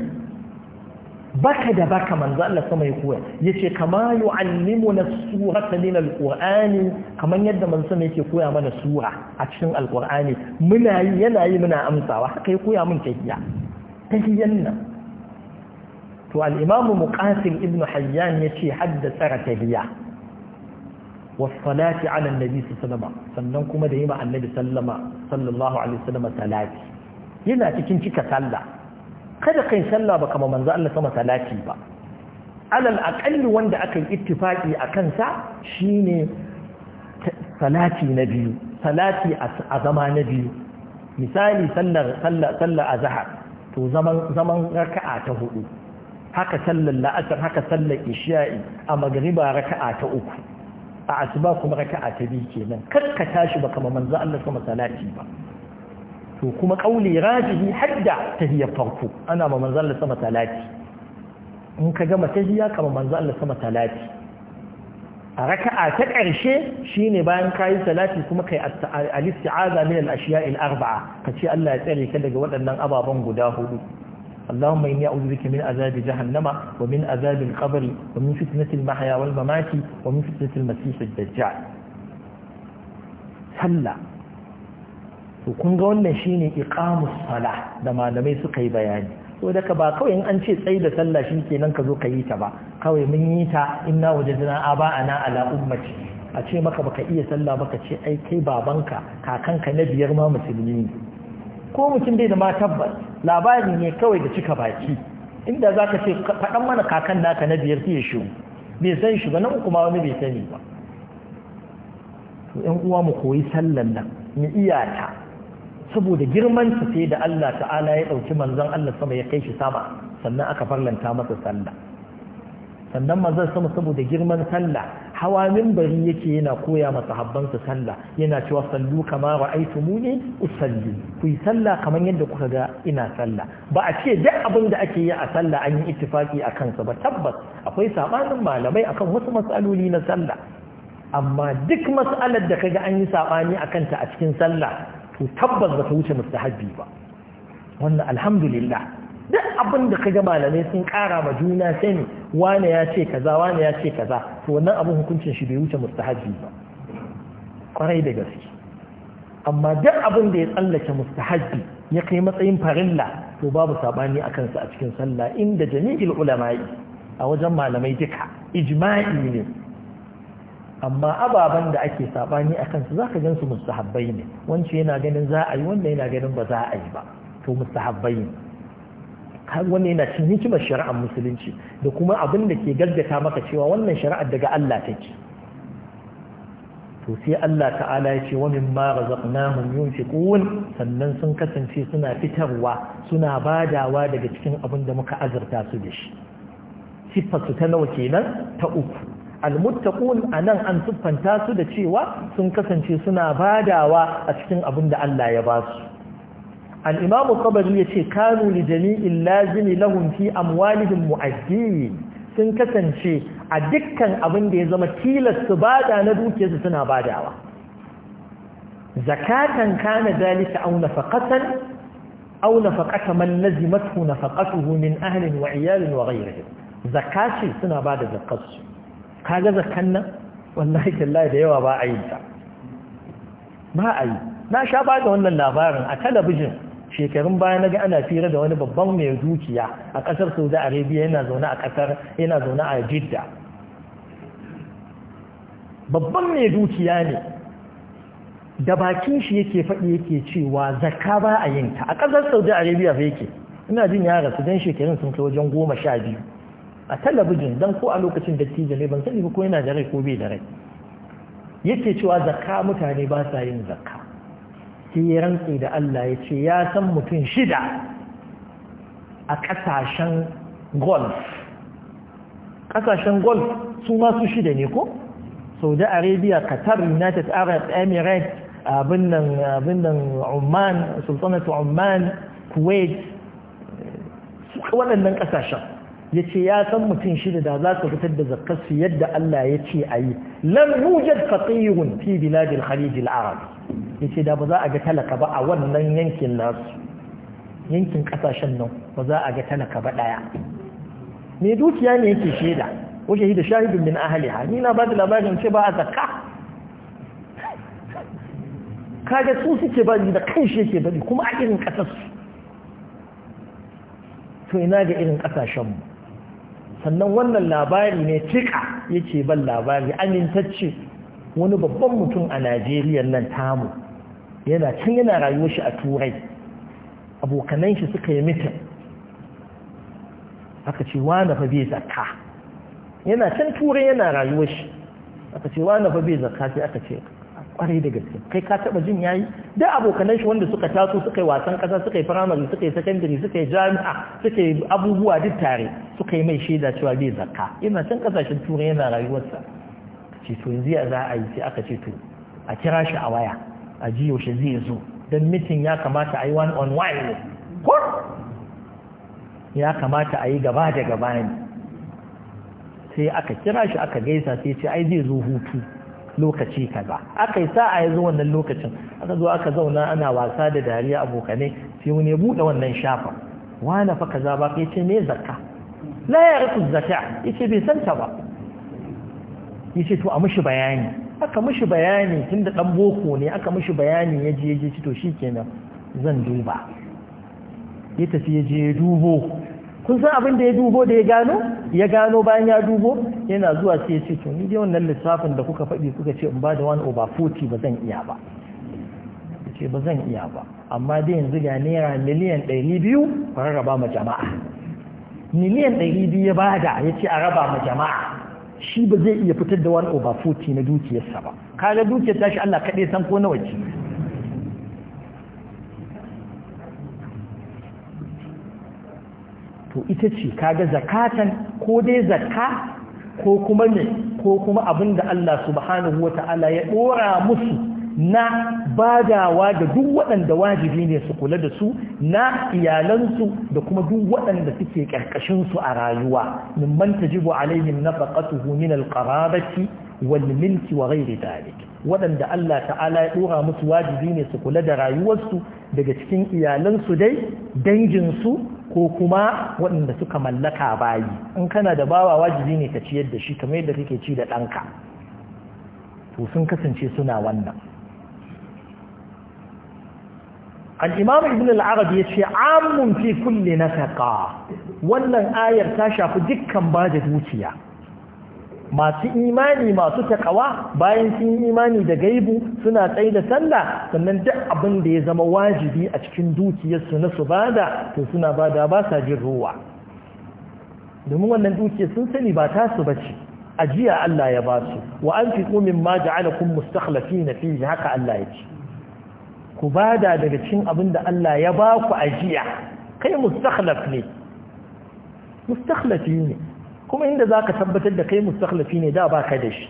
baka da baka manzo Allah sama ya koya yace kama yu'allimuna surata min alqur'ani kamar yadda manzo sama yake koya mana sura a cikin alqur'ani muna yi yana yi muna amsawa haka ya koya mun tafiya tafiyan nan to al'imamu muƙasin ibn hayyan ya ce haddasa ratahiyya wasalati ala nabi sallama sannan kuma da yi ma annabi sallama sallallahu alaihi sallama salati yana cikin cika sallah kada kai sallah ba kama manzo Allah sama salati ba alal aqalli wanda aka yi ittifaqi a kansa shine salati na biyu salati a zama na biyu misali sallar sallar azhar to zaman zaman raka'a ta hudu haka sallar la'asar haka sallar isha'i a magariba raka'a ta uku a asuba kuma raka'a ta biyu kenan kar ka tashi baka ma manzo Allah sama salati ba to kuma kauli rajihi hadda tahiyya farko ana ma manzo Allah sama salati in ka gama tahiyya ka ma manzo Allah sama salati a raka'a ta ƙarshe shine bayan kayi salati kuma kai al-isti'aza min al-ashiya'il arba'a kace Allah ya tsare ka daga waɗannan ababen guda hudu اللهم إني أعوذ بك من عذاب جهنم ومن عذاب القبر ومن فتنة المحيا والممات ومن فتنة المسيح الدجال صلى kun ga wannan shine iqamus sala da malamai suka yi bayani So daka ba kawai in an ce tsayi da sallah shi nan ka zo ka yi ta ba kawai mun yi ta inna wajadna aba'ana ala ummati a ce maka baka iya sallah baka ce ai kai babanka kakanka na biyar ma musulmi ne ko mutum bai da ma tabbas labari ne kawai da cika baki inda za ka ce faɗan mana kakan naka na biyar sai ya shigo bai san shi ba nan kuma wani bai sani ba to uwa mu koyi sallan nan mu iyata saboda girman su sai da Allah ta'ala ya ɗauki manzan Allah sama ya kai shi sama sannan aka farlanta masa sallah sannan manzan sama saboda girman sallah hawa minbari yake yana koya masa su sallah yana cewa sallu kama muni usalli ku yi sallah kamar yadda kuka ga ina sallah ba a ce duk abin da ake yi a sallah an yi ittifaki a kansa ba tabbas akwai saɓanin malamai akan wasu mas'aloli na sallah amma duk mas'alar da kaga an yi sabani akan ta a cikin sallah to tabbas ba ta wuce mustahabbi ba wannan alhamdulillah duk abin da kaga malamai sun kara ma juna sani wane ya ce kaza wane ya ce kaza to wannan abin hukuncin shi bai wuce mustahabi ba kwarai da gaske amma duk abin da ya tsallake mustahabi ya kai matsayin farilla to babu sabani akan sa a cikin sallah inda jami'il ulama'i a wajen malamai duka ijma'i ne amma ababen da ake sabani akan su zaka gan su mustahabbai ne wancan yana ganin za a yi wanda yana ganin ba za a yi ba to mustahabbai ne wannan yana cin hikimar shari'ar musulunci da kuma abin da ke gaggata maka cewa wannan shari'ar daga Allah take to sai Allah ta'ala ya ce wa ma razaqnahum yunfiqun sannan sun kasance suna fitarwa suna badawa daga cikin abin da muka azurta su da shi sifar su ta nawa kenan ta uku almuttaqun anan an siffanta su da cewa sun kasance suna badawa a cikin abin da Allah ya ba su الإمام الطبري يتي كانوا لجميع اللازم لهم في أموالهم مؤدين sun kasance a dukkan abin da ya zama tilasta bada na dukiyarsu suna badawa zakatan kana dalika aw nafaqatan aw nafaqata man lazimathu nafaqatuhu min ahlin wa iyalin wa ghayrihim zakati suna bada zakatsu kaga zakkan nan wallahi tallahi da yawa ba a yi ta ba a yi na sha bada wannan labarin a talabijin shekarun baya na naga ana fira da wani babban mai dukiya a kasar saudi arabia yana zaune a kasar yana zaune a jidda babban mai dukiya ne da bakin shi yake faɗi yake cewa zakka ba a yin ta a kasar saudi arabia fa yake ina jin ya rasu dan shekarun sun kai wajen goma sha biyu a talabijin dan ko a lokacin dattijo ne ban sani ba ko yana da rai ko bai da rai yake cewa zakka mutane ba sa yin zakka sai ya rantsi da Allah ya ce ya san mutum shida a ƙasashen golf ƙasashen golf su masu shida ne ko saudi arabia qatar united arab emirates abin nan oman sultanatu oman kuwait waɗannan ƙasashen ya ce ya san mutum shida da za su fitar da zakarsu yadda Allah ya ce a yi Lan hujjar fatihun fi biladin khalijil arab ya ce da ba za a ga talaka ba a wannan yankin nasu yankin kasashen nan ba za a ga talaka ba daya me dukiya ne yake shaida shi da shahidun min ahliha ni na ba da labarin ce ba a zakka kaga su suke bari da kanshi yake bari kuma a irin kasarsu to ina ga irin kasashenmu sannan wannan labari ne cika yake ban labari amintacce wani babban mutum a najeriya nan tamu yana can yana rayuwar shi a turai abokanan shi suka yi mitin aka ce wane fa bai zakka yana can turai yana rayuwar shi aka ce wane fa bai zakka sai aka ce kwarai da gaske kai ka taba jin yayi da abokanan shi wanda suka taso suka yi wasan kasa suka yi firamare suka yi sakandare suka yi jami'a suka yi abubuwa duk tare suka yi mai shaida cewa bai zakka Ina can kasashen turai yana rayuwarsa ce to yanzu ya za a yi sai aka ce to a kira shi a waya a ji yaushe zai zo don mitin ya kamata a yi one on one ne ko ya kamata a yi gaba da gaba ne sai aka kira shi aka gaisa sai ce ai zai zo hutu lokaci kaza aka yi sa'a ya zo wannan lokacin aka zo aka zauna ana wasa da dariya abokane sai wani ya buɗe wannan shafa wani fa kaza ba ka ce me zakka la ya rufu zakka yace bai san ta ba yace to a mishi bayani aka mishi bayani tunda dan boko ne aka mishi bayani ya je ya je to shikenan zan duba ya tafi ya je dubo kun san abin da ya dubo da ya gano ya gano bayan ya dubo yana zuwa sai ya ce to ni dai wannan lissafin da kuka faɗi kuka ce in ba da wani over 40 ba zan iya ba ce ba zan iya ba amma dai yanzu ga naira miliyan 200 ku raba ma jama'a miliyan 200 ya bada ya ce a raba ma jama'a shi ba zai iya fitar da wani over 40 na dukiyarsa ba kaga dukiyar tashi Allah kaɗai san ko nawa ce to ita ce kaga zakatan ko dai zakka ko kuma ne ko kuma abin da Allah subhanahu wata'ala ya dora musu na badawa da duk waɗanda wajibi ne su kula da su na iyalansu da kuma duk waɗanda suke su a rayuwa min man tajibu alaihim nafaqatuhu min alqarabati wal milki wa ghairi dalik waɗanda Allah ta'ala ya dora musu wajibi ne su kula da rayuwarsu daga cikin iyalansu dai danginsu ko kuma waɗanda suka mallaka bayi in kana da bawa wajibi ne ka ciyar da shi kamar yadda kake ci da ɗanka to sun kasance suna wannan al'imam ibn al'arabi ya ce amun fi kulle na wannan ayar ta shafi dukkan bajet wuciya dukiya masu imani masu takawa bayan sun imani da gaibu suna tsaye da sallah sannan duk abin da ya zama wajibi a cikin dukiyarsu na su bada to suna bada ba sa jin ruwa domin wannan dukiyar sun sani ba ta tasu bace ajiya Allah ya ba su wa anfiqu ma ja'alakum mustakhlifina fihi haka Allah ya ce ku bada daga cikin abin da Allah ya ba ku ajiya kai mustakhlif ne mustakhlafi ne kuma inda za ka tabbatar da kai mustaklafi ne da ba ka da shi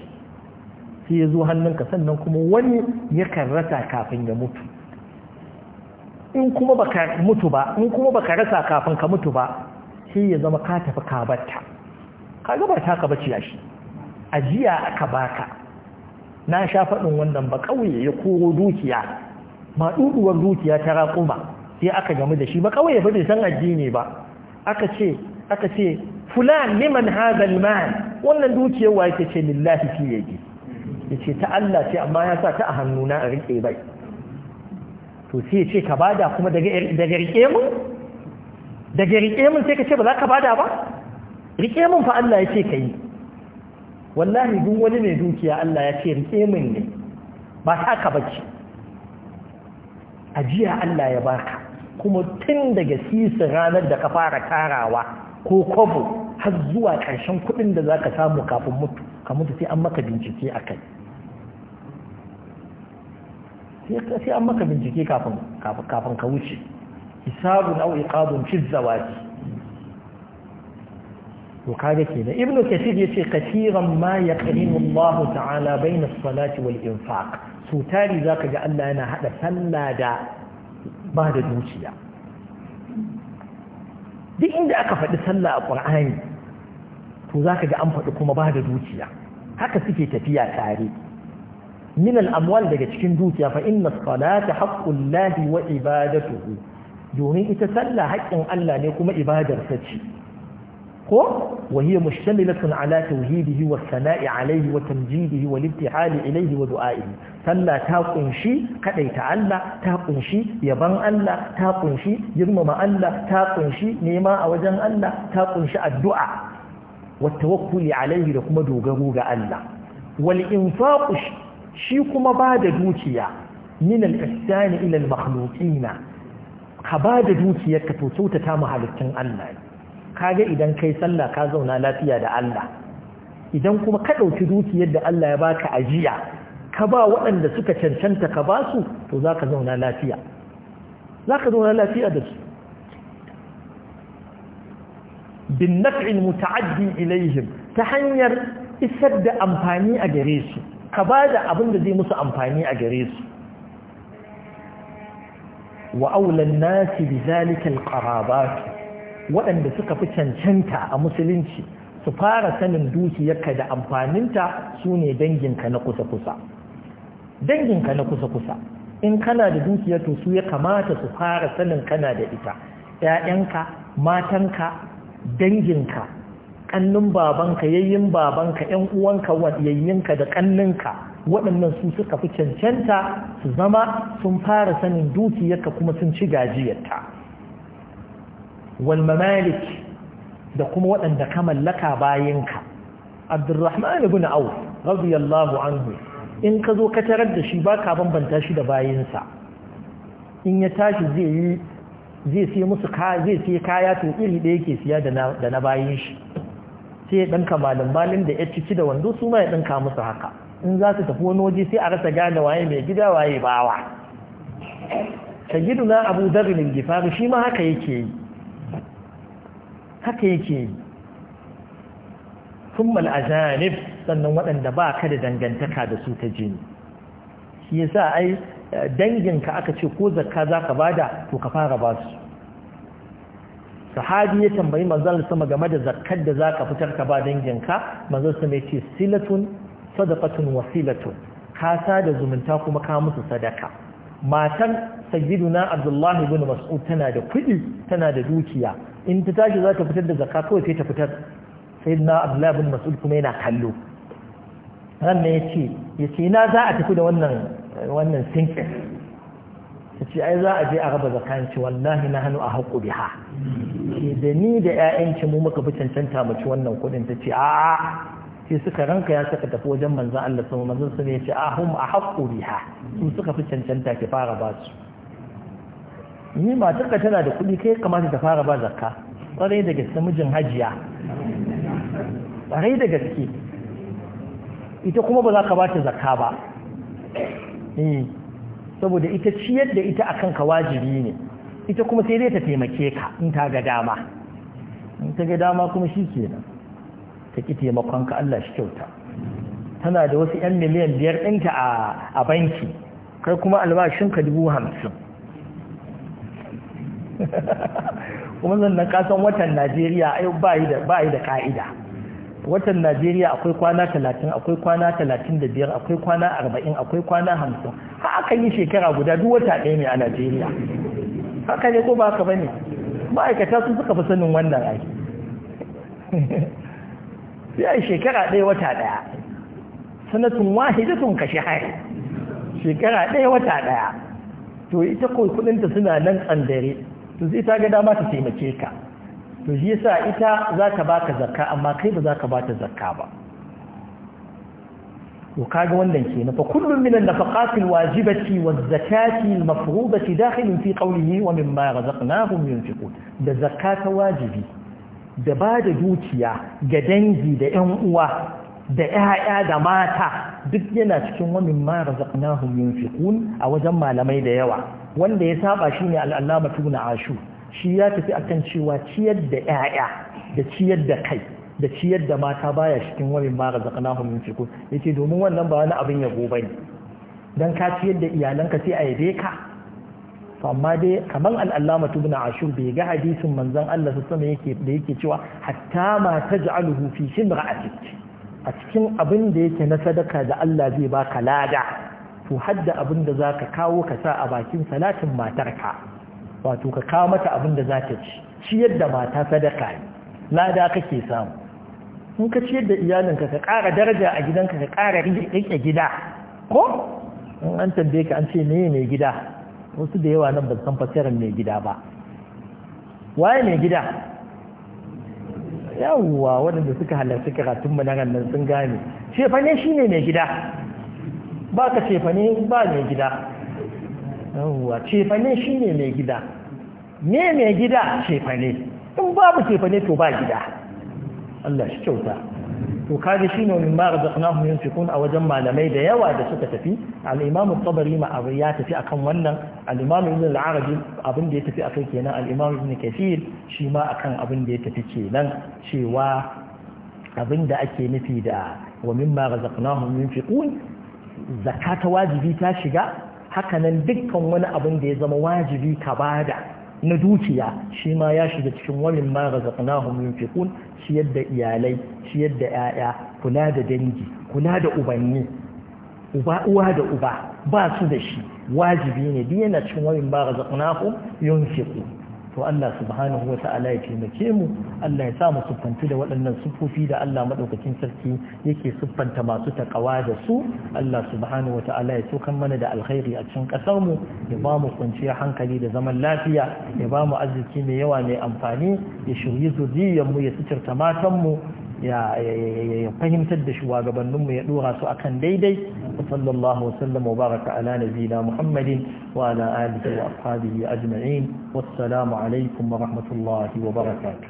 sai ya zo hannunka sannan kuma wani ya karrata kafin ya mutu in kuma baka mutu ba in kuma baka rasa kafin ka mutu ba sai ya zama ka tafi kabarta. ka gabata ka gabar ta ka bace shi ajiya aka baka na sha faɗin wannan ba kauye ya koro dukiya ma duduwar dukiya ta raƙuma sai aka gamu da shi ba kauye ba bai san addini ba aka ce aka ce fulan liman hadha almal wannan dukiyar wa yake ce lillahi fi yadi yace ta Allah ce amma ya sa ta a hannuna a rike bai to sai ce ka bada kuma daga daga rike mu daga rike mu sai ka ce ba za ka bada ba rike mun fa Allah yace kai wallahi duk wani mai dukiya Allah ya ce rike mun ne ba ta ka bace ajiya Allah ya baka kuma tun daga sisi ranar da ka fara karawa. ko kwabo har zuwa ƙarshen kuɗin da za ka samu kafin mutu ka mutu sai an maka bincike a kai sai an maka bincike kafin ka wuce hisabun au iqabun fi zawaji to kaga ke kenan ibnu kathir yace katiran ma yaqrinu Allah ta'ala bayna as-salati wal infaq so tari ka ga Allah yana haɗa sallah da ba da dukiya duk inda aka faɗi sallah a ƙur'ani to za ka ga an faɗi kuma ba da dukiya haka suke tafiya tare min al'amwal daga cikin dukiya fa inna salata haƙƙun lahi wa ibadatuhu domin ita sallah haƙƙin Allah ne kuma ibadarsa ce ko وهي مشتملة على توحيده والثناء عليه وتمجيده والابتحال إليه ودعائه فلا تاقنشي قد يتعلى تاقنشي يبان ألا تاقنشي يرمم ألا تاقنشي نيماء وجن ألا تاقنشي الدعاء والتوكل عليه لكم دوغروغ ألا والإنفاق شيكم بعد دوتيا من الإحسان إلى المخلوقين ka ba da dukiyarka to kyautata mu halittun Allah ne ga idan kai sallah ka zauna lafiya da Allah idan kuma ka ɗauki dukiyar da Allah ya baka ajiya ka ba waɗanda suka cancanta ka ba su to za ka zauna lafiya zauna lafiya da su bin naf'in muta'addi ilaihim ta hanyar isar da amfani a gare su ka ba da abin da zai musu amfani a gare su wa aulan nasi bi zalika alqarabat waɗanda suka fi cancanta a musulunci su fara sanin dukiyarka da amfaninta su ne danginka na kusa-kusa danginka na kusa-kusa in kana da dukiyar to su ya kamata su fara sanin kana da ita ‘ya'yanka matanka danginka ƙannin babanka yayyin babanka ‘yan uwanka yayyinka da ƙanninka waɗannan su suka fi cancanta su zama sun fara sanin dukiyarka kuma sun ci gajiyarta wal mamalik da kuma waɗanda ka mallaka bayanka abdurrahman ibn auf radiyallahu anhu in ka zo ka tarar da shi baka bambanta shi da bayinsa in ya tashi zai yi zai sai musu ka zai sai kaya to iri da yake siya da na da na bayin shi sai ya danka malam malin da ya cici da wando su ma ya danka musu haka in za su tafi wani waje sai a rasa gane waye mai gida waye bawa sayyiduna abu dharr gifari shi ma haka yake yi haka yake yi sun mal'ajanif sannan waɗanda ba ka da dangantaka da su ta jini shi sa ai danginka aka ce ko zakka za ka bada to ka fara ba su sahabi ya tambayi manzon sama game da zakkar da za ka fitar ka ba danginka manzon sama ya ce silatun sadaqatun wasilatun ka da zumunta kuma ka musu sadaka matan sayyiduna abdullahi bin mas'ud tana da kuɗi tana da dukiya in ta tashi za ta fitar da zakka kawai sai ta fitar sayyiduna abdullahi bin mas'ud kuma yana kallo ran ne yace yace na za a tafi da wannan wannan sinkin yace ai za a je a raba zakan ci wallahi na hannu a haƙu biha ke da ni da ƴaƴan mu muka fi cancanta mu ci wannan kuɗin ta ce a'a sai suka ranka ya suka tafi wajen manzan Allah sama manzan su ne ce ah, hum a haƙƙo riha su suka fi cancanta ki fara ba su ni matarka tana da kuɗi kai kamata ta fara ba zakka ƙwarai da gaske mijin hajiya ƙwarai da gaske ita kuma ba za ka ba ta zakka ba eh, saboda ita ciyar da ita akan ka wajibi ne ita kuma sai dai ta taimake ka in ta ga dama in ta ga dama kuma shi kenan ta ƙi taimakonka Allah shi kyauta tana da wasu 'yan miliyan biyar ɗinka a banki kai kuma albashinka dubu hamsin [LAUGHS] kuma zannan kasan watan najeriya ba yi da ka'ida watan najeriya akwai kwana talatin akwai kwana talatin da biyar akwai kwana arba'in akwai kwana hamsin haka yi shekara guda duk wata ɗaya ne a najeriya haka ne ko ba haka ba ne ma'aikata sun suka fi sanin wannan aiki [LAUGHS] ya shekara ɗaya wata ɗaya sanatun wahidatun ka hari shekara ɗaya wata ɗaya to ita kawai suna nan tsandare to zai ta ga dama ta taimake ka to shi yasa ita za ta baka zakka amma kai ba za ka bata zakka ba to kaga wannan kenan fa kullun min an-nafaqat al-wajibati waz-zakati al-mafruḍati fi qawlihi wa mimma razaqnahum yunfiqun da zakka ta wajibi da ba da dukiya ga dangi da 'yan uwa da 'ya'ya da mata duk yana cikin wani mara zaƙnahun yunfiqun a wajen malamai da yawa wanda ya saba shi ne al'allama tuna ashu shi ya tafi a kan cewa ciyar da 'ya'ya da ciyar da kai da ciyar da mata baya cikin wani mara zaƙnahun yunfiqun yake domin wannan ba wani abin ya gobe ne don ka ciyar da iyalanka sai a yabe ka amma dai kamar al'allama bina ashir bai ga hadisin manzan Allah su sama yake da yake cewa hatta ma taj'aluhu fi shimra'atik a cikin abin da yake na sadaka da Allah zai ba ka lada to hadda abin da za ka kawo ka sa a bakin salatin matarka wato ka kawo mata abin da za zaka ci ciyar da mata sadaka ne lada kake samu in ka ciyar da iyalinka ka ƙara daraja a gidanka ka ƙara rike gida ko in an tambaye ka an ce meye mai gida wasu da yawa nan ba san fasirar mai gida ba waye mai gida yawwa waɗanda suka halarci karatun mu na nan sun gane cefane ne mai gida ba ka cefane ba mai gida yawwa cefane ne mai gida me mai gida cefane in babu cefane to ba gida Allah shi kyauta to kaji shine min ma razaqnahum yunfiqun a wajen malamai da yawa da suka tafi al-imam tabari ma ya tafi akan wannan al-imam ibn al abin da ya tafi akan kenan al-imam ibn kathir shi ma akan abin da ya tafi kenan cewa abin da ake nufi da wa mimma razaqnahum yunfiqun zakata wajibi ta shiga hakanan dukkan wani abin da ya zama wajibi ka bada na dukiya shi ma ya shiga cikin wani ma razaqnahum yunfiqun ciyar da iyalai ciyar da 'ya'ya kula da dangi kula da ubanni uba uwa da uba ba su da shi wajibi ne duk yana cikin wamin ma razaqnahum yunfiqun to Allah subhanahu wa ta'ala ya taimake mu Allah ya sa mu siffantu da waɗannan siffofi da Allah madaukakin sarki yake siffanta masu takawa da su Allah subhanahu wa ta'ala ya tukan mana da alkhairi a cikin ƙasar mu ya ba mu kwanciyar hankali da zaman lafiya ya ba mu arziki mai yawa mai amfani ya shirye zuriyar mu ya suturta matan mu ya fahimtar da shugabanninmu ya dora su akan daidai sallallahu wasallam wa baraka ala nabiyina muhammadin wa ala alihi wa ashabihi ajma'in wassalamu alaikum wa rahmatullahi wa barakatuh